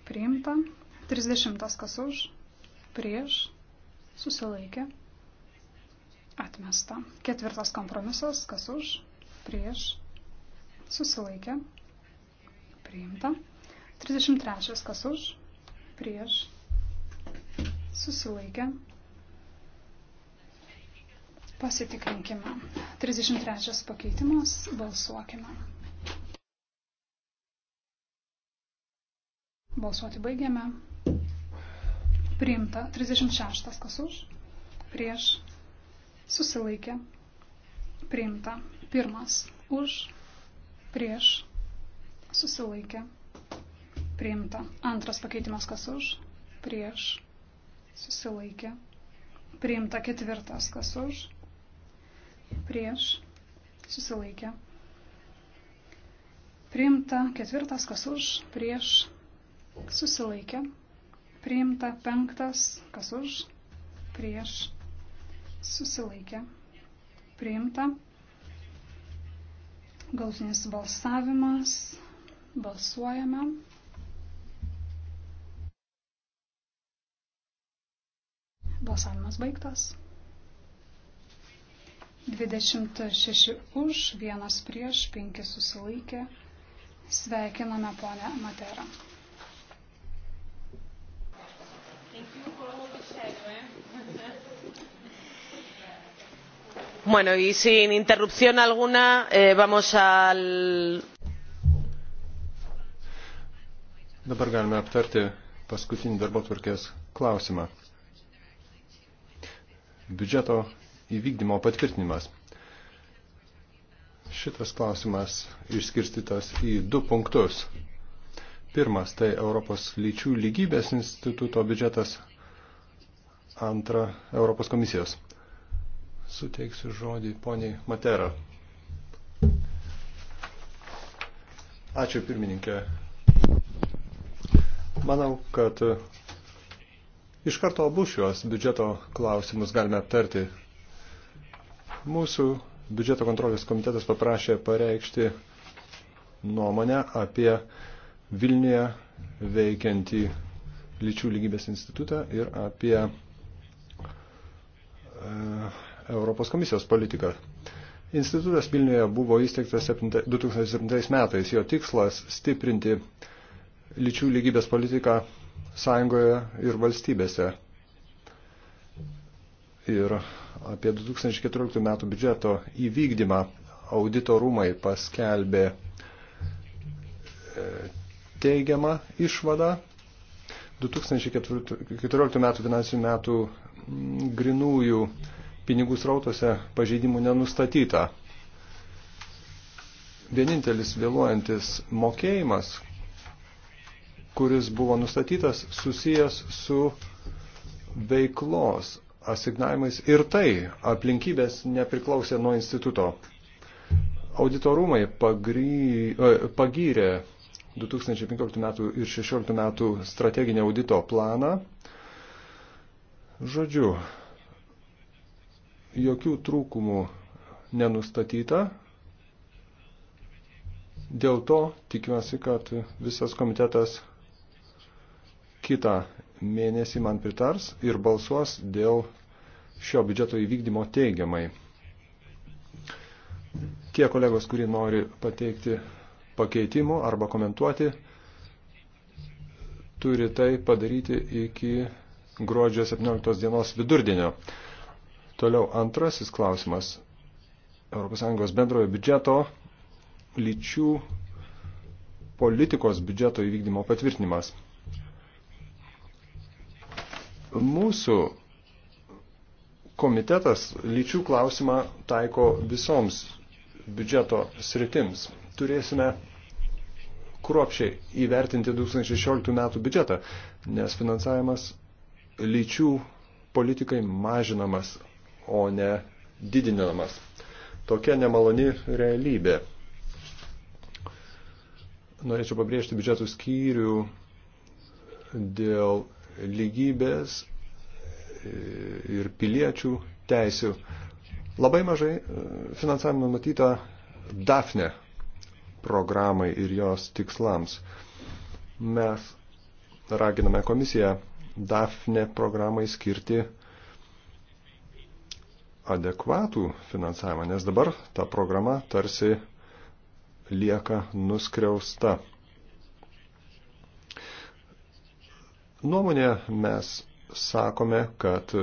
priimta. 30 kas už, prieš, susilaikė, atmesta. Ketvirtas kompromisas, kas už, prieš, susilaikė, priimta. 33 kas už, prieš, susilaikė. Pasitikrinkime. 33 pakeitimas, balsuokime. Balsuoti baigiame. Priimta 36. Kas už? Prieš. Susilaikė. Priimta. Pirmas. Už. Prieš. Susilaikė. Priimta. Antras pakeitimas kas už? Prieš. Susilaikė. Priimta ketvirtas kas už? Prieš. Susilaikė. Priimta ketvirtas kas už? Prieš susilaikė, priimta penktas, kas už, prieš, susilaikė, priimta. Galutinis balsavimas, balsuojame. Balsavimas baigtas. 26 už, vienas prieš, penki susilaikė. Sveikiname ponę Materą. Bueno, y sin interrupción alguna, eh, vamos al. Dabar galime aptarti paskutinį darbo tvarkės klausimą. Biudžeto įvykdymo patvirtinimas. Šitas klausimas išskirstytas į du punktus. Pirmas tai Europos lyčių lygybės instituto biudžetas antrą Europos komisijos. Suteiksiu žodį poniai Matera. Ačiū pirmininkė. Manau, kad iš karto abu šios biudžeto klausimus galime aptarti. Mūsų biudžeto kontrolės komitetas paprašė pareikšti nuomonę apie Vilniuje veikiantį lyčių lygybės institutą ir apie E, Europos komisijos politiką. Institutas Vilniuje buvo įsteigtas 2007 metais. Jo tikslas stiprinti lyčių lygybės politiką sąjungoje ir valstybėse. Ir apie 2014 metų biudžeto įvykdymą audito rūmai paskelbė e, teigiamą išvadą. 2014 metų finansinių metų grinųjų pinigų srautose pažeidimų nenustatyta. Vienintelis vėluojantis mokėjimas, kuris buvo nustatytas, susijęs su veiklos asignavimais ir tai aplinkybės nepriklausė nuo instituto. Auditorumai pagry, e, pagyrė 2015 metų ir 2016 metų strateginį audito planą Žodžiu, jokių trūkumų nenustatyta. Dėl to tikiuosi, kad visas komitetas kitą mėnesį man pritars ir balsuos dėl šio biudžeto įvykdymo teigiamai. Tie kolegos, kurie nori pateikti pakeitimų arba komentuoti, turi tai padaryti iki gruodžio 17 dienos vidurdienio. Toliau antrasis klausimas. ES bendrojo biudžeto lyčių politikos biudžeto įvykdymo patvirtinimas. Mūsų komitetas lyčių klausimą taiko visoms biudžeto sritims. Turėsime kruopšiai įvertinti 2016 metų biudžetą, nes finansavimas lyčių politikai mažinamas, o ne didinamas. Tokia nemaloni realybė. Norėčiau pabrėžti biudžetų skyrių dėl lygybės ir piliečių teisių. Labai mažai e, finansavimo numatyta DAFNE programai ir jos tikslams. Mes raginame komisiją DAFNE programai skirti adekvatų finansavimą, nes dabar ta programa tarsi lieka nuskriausta. Nuomonė mes sakome, kad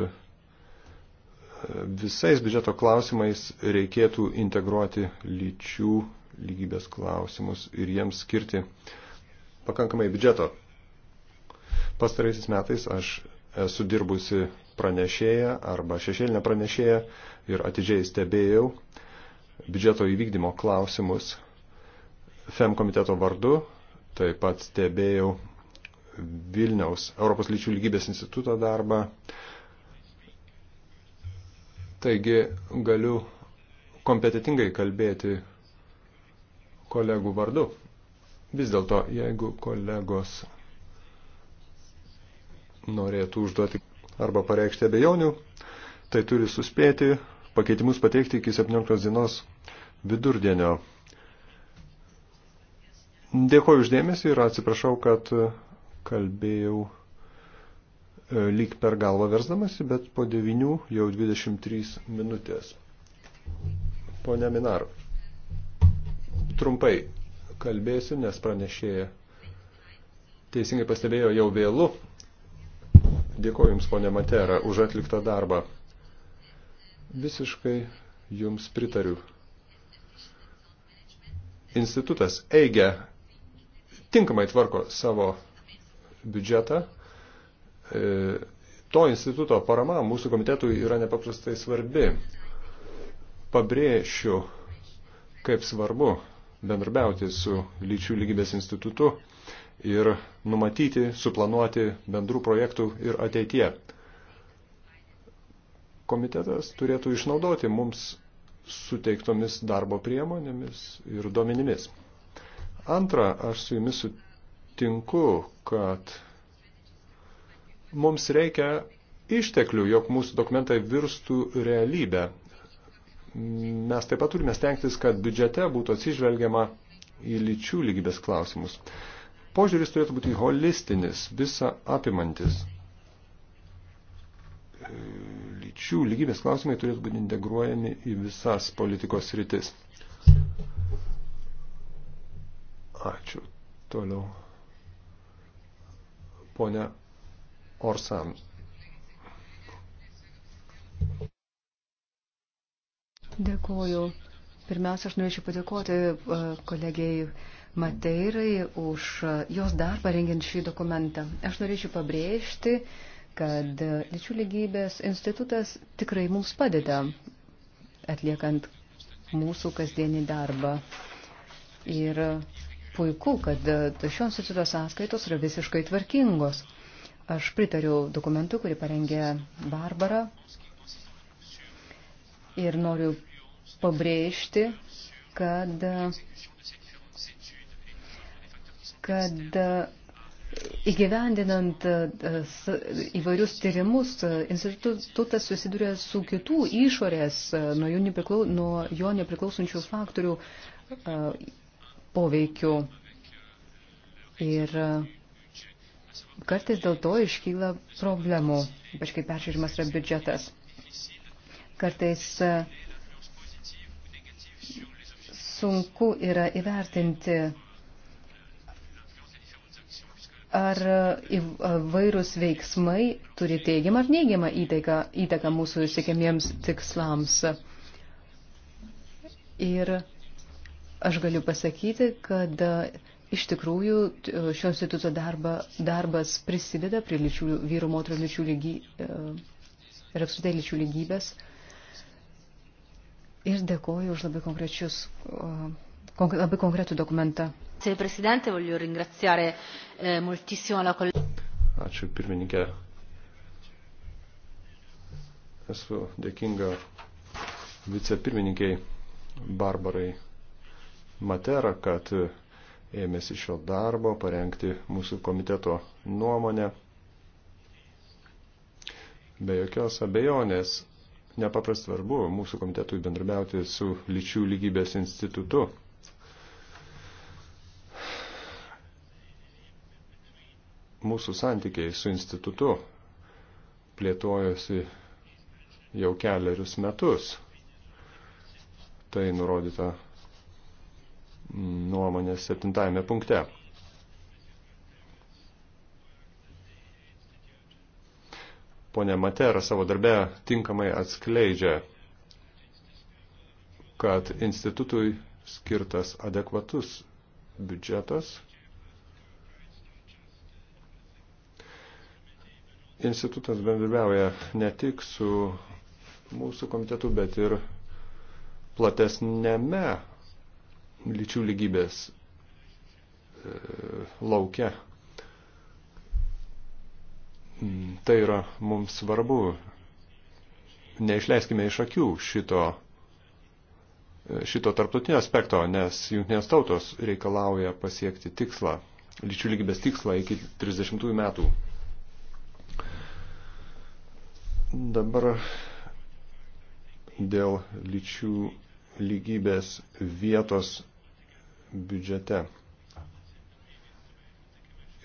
visais biudžeto klausimais reikėtų integruoti lyčių lygybės klausimus ir jiems skirti pakankamai biudžeto. Pastaraisiais metais aš esu dirbusi pranešėja arba šešėlinė pranešėja ir atidžiai stebėjau biudžeto įvykdymo klausimus FEM komiteto vardu, taip pat stebėjau Vilniaus Europos lyčių lygybės instituto darbą. Taigi galiu kompetitingai kalbėti kolegų vardu. Vis dėlto, jeigu kolegos norėtų užduoti arba pareikšti abejonių, tai turi suspėti pakeitimus pateikti iki 17 dienos vidurdienio. Dėkoju uždėmesį ir atsiprašau, kad kalbėjau e, lyg per galvą versdamasi, bet po 9 jau 23 minutės. Pone Minaru, trumpai kalbėsiu, nes pranešėja teisingai pastebėjo jau vėlų. Dėkoju Jums, ponė Matera, už atliktą darbą. Visiškai Jums pritariu. Institutas Eigia tinkamai tvarko savo biudžetą. E, to instituto parama mūsų komitetui yra nepaprastai svarbi. Pabrėšiu, kaip svarbu bendrabiauti su lyčių lygybės institutu ir numatyti, suplanuoti bendrų projektų ir ateitie. Komitetas turėtų išnaudoti mums suteiktomis darbo priemonėmis ir duomenimis. Antra, aš su jumis sutinku, kad mums reikia išteklių, jog mūsų dokumentai virstų realybę. Mes taip pat turime stengtis, kad biudžete būtų atsižvelgiama į lyčių lygybės klausimus. Požiūris turėtų būti holistinis, visa apimantis. Lyčių lygybės klausimai turėtų būti integruojami į visas politikos rytis. Ačiū. Toliau. Pone Orsan. Dėkuoju. Pirmiausia, aš norėčiau padėkoti e, kolegijai Mateirai už jos darbą rengiant šį dokumentą. Aš norėčiau pabrėžti, kad lyčių lygybės institutas tikrai mums padeda atliekant mūsų kasdienį darbą. Ir puiku, kad šio instituto sąskaitos yra visiškai tvarkingos. Aš pritariu dokumentu, kurį parengė Barbara. Ir noriu pabrėžti, kad kad e, Įgyvendinant e, įvairius tyrimus, e, institutas susiduria su kitų išorės, nuo jo, nepriklau, nuo jo nepriklausančių faktorių poveikiu. Ir kartais dėl to iškyla problemų, ypač kai peržiūrimas yra biudžetas. Kartais sunku yra įvertinti ar e, e, vairūs veiksmai turi teigiamą ar neigiamą įtaką, įtaką mūsų siekiamiems tikslams. Ir aš galiu pasakyti, kad e, iš tikrųjų šio instituto darba, darbas prisideda prie lyčių, vyru moterų lyčių lygy, ir apskritai lyčių lygybės. Ir dėkoju už labai konkrečius labai konkretų dokumentą. Eh, Ačiū pirmininkė. Esu dėkinga vicepirmininkiai Barbarai Matera, kad ėmėsi šio darbo parengti mūsų komiteto nuomonę. Be jokios abejonės, nepaprastai svarbu mūsų komitetui bendrabiauti su lyčių lygybės institutu mūsų santykiai su institutu plėtojosi jau keliarius metus. Tai nurodyta nuomonės septintajame punkte. Pone Matera savo darbe tinkamai atskleidžia, kad institutui skirtas adekvatus biudžetas institutas bendradarbiauja ne tik su mūsų komitetu, bet ir platesnėme lyčių lygybės e, laukia. Mm, tai yra mums svarbu. Neišleiskime iš akių šito, e, šito tarptautinio aspekto, nes jungtinės tautos reikalauja pasiekti tikslą, lyčių lygybės tikslą iki 30 metų. Dabar dėl lyčių lygybės vietos biudžete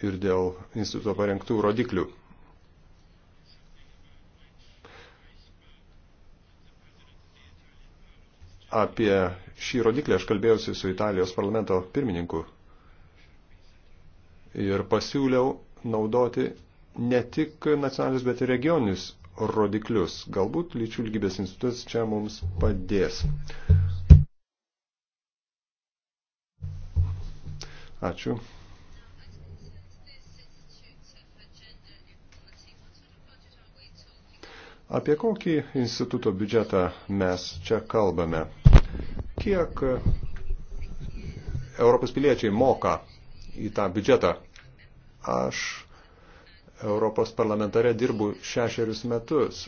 ir dėl instituto parengtų rodiklių. Apie šį rodiklį aš kalbėjausi su Italijos parlamento pirmininku ir pasiūliau naudoti ne tik nacionalinius, bet ir regioninius rodiklius. Galbūt lyčių lygybės institutas čia mums padės. Ačiū. Apie kokį instituto biudžetą mes čia kalbame? Kiek Europos piliečiai moka į tą biudžetą? Aš Europos parlamentare dirbu šešerius metus.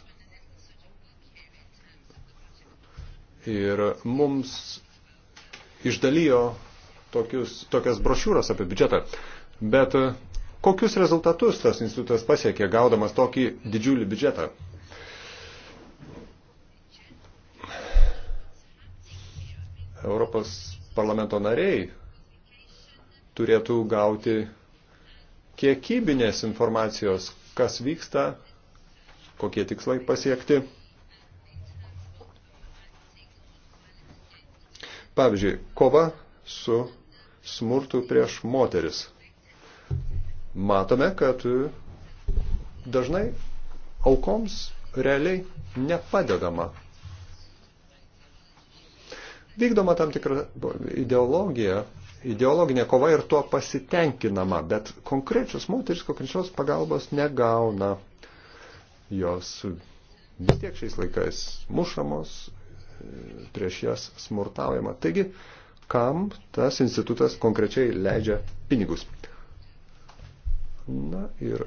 Ir mums išdalijo tokius, tokias brošiūras apie biudžetą. Bet e, kokius rezultatus tas institutas pasiekė, gaudamas tokį didžiulį biudžetą? Europos parlamento nariai turėtų gauti kiekybinės informacijos, kas vyksta, kokie tikslai pasiekti. Pavyzdžiui, kova su smurtu prieš moteris. Matome, kad dažnai aukoms realiai nepadedama. Vykdoma tam tikra ideologija, ideologinė kova ir tuo pasitenkinama, bet konkrečios moteris konkrečios pagalbos negauna. Jos vis tiek šiais laikais mušamos, e, prieš jas smurtaujama. Taigi, kam tas institutas konkrečiai leidžia pinigus? Na ir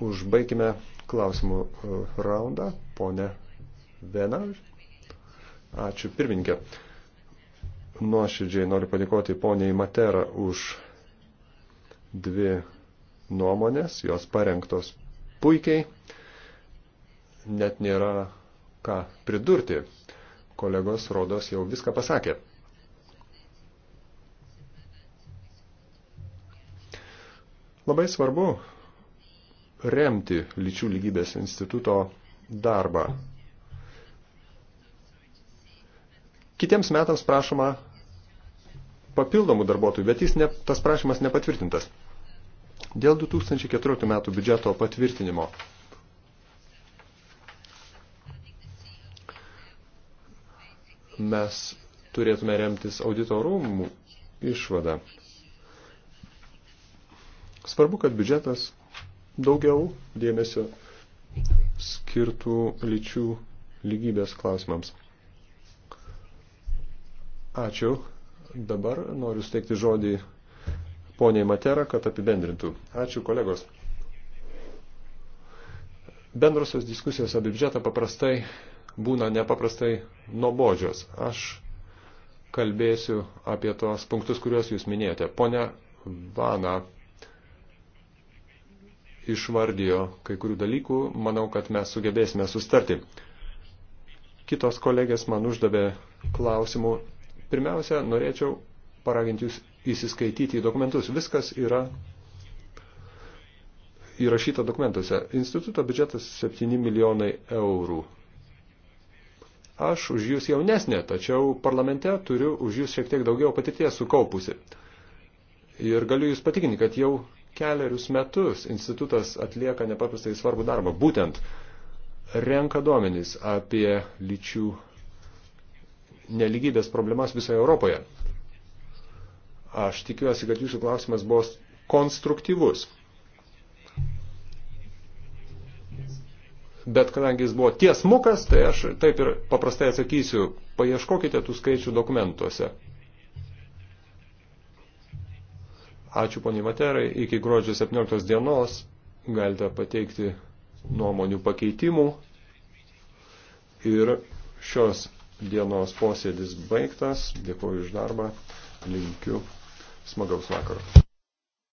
užbaigime klausimų e, raundą, ponė Vena. Ačiū pirmininkė nuoširdžiai noriu padėkoti poniai Matera už dvi nuomonės, jos parengtos puikiai, net nėra ką pridurti. Kolegos Rodos jau viską pasakė. Labai svarbu remti lyčių lygybės instituto darbą. Kitiems metams prašoma papildomų darbuotojų, bet jis ne, tas prašymas nepatvirtintas. Dėl 2014 metų biudžeto patvirtinimo. Mes turėtume remtis auditorumų išvadą. Svarbu, kad biudžetas daugiau dėmesio skirtų lyčių lygybės klausimams. Ačiū. Dabar noriu steigti žodį poniai Matera, kad apibendrintų. Ačiū kolegos. Bendrosios diskusijos apie biudžetą paprastai būna nepaprastai nuobodžios. Aš kalbėsiu apie tos punktus, kuriuos jūs minėjote. Pone Vana išvardijo kai kurių dalykų, manau, kad mes sugebėsime sustarti. Kitos kolegės man uždavė klausimų Pirmiausia, norėčiau paraginti jūs įsiskaityti į dokumentus. Viskas yra įrašyta dokumentuose. Instituto biudžetas 7 milijonai eurų. Aš už jūs jaunesnė, tačiau parlamente turiu už jūs šiek tiek daugiau patirties sukaupusi. Ir galiu jūs patikinti, kad jau keliarius metus institutas atlieka nepaprastai svarbų darbą. Būtent renka duomenys apie lyčių neligybės problemas visoje Europoje. Aš tikiuosi, kad jūsų klausimas buvo konstruktyvus. Bet kadangi jis buvo tiesmukas, tai aš taip ir paprastai atsakysiu, paieškokite tų skaičių dokumentuose. Ačiū poniai Materai, iki gruodžio 17 dienos galite pateikti nuomonių pakeitimų ir šios Dienos posėdis baigtas. Dėkuoju už darbą. Linkiu smagaus vakaro.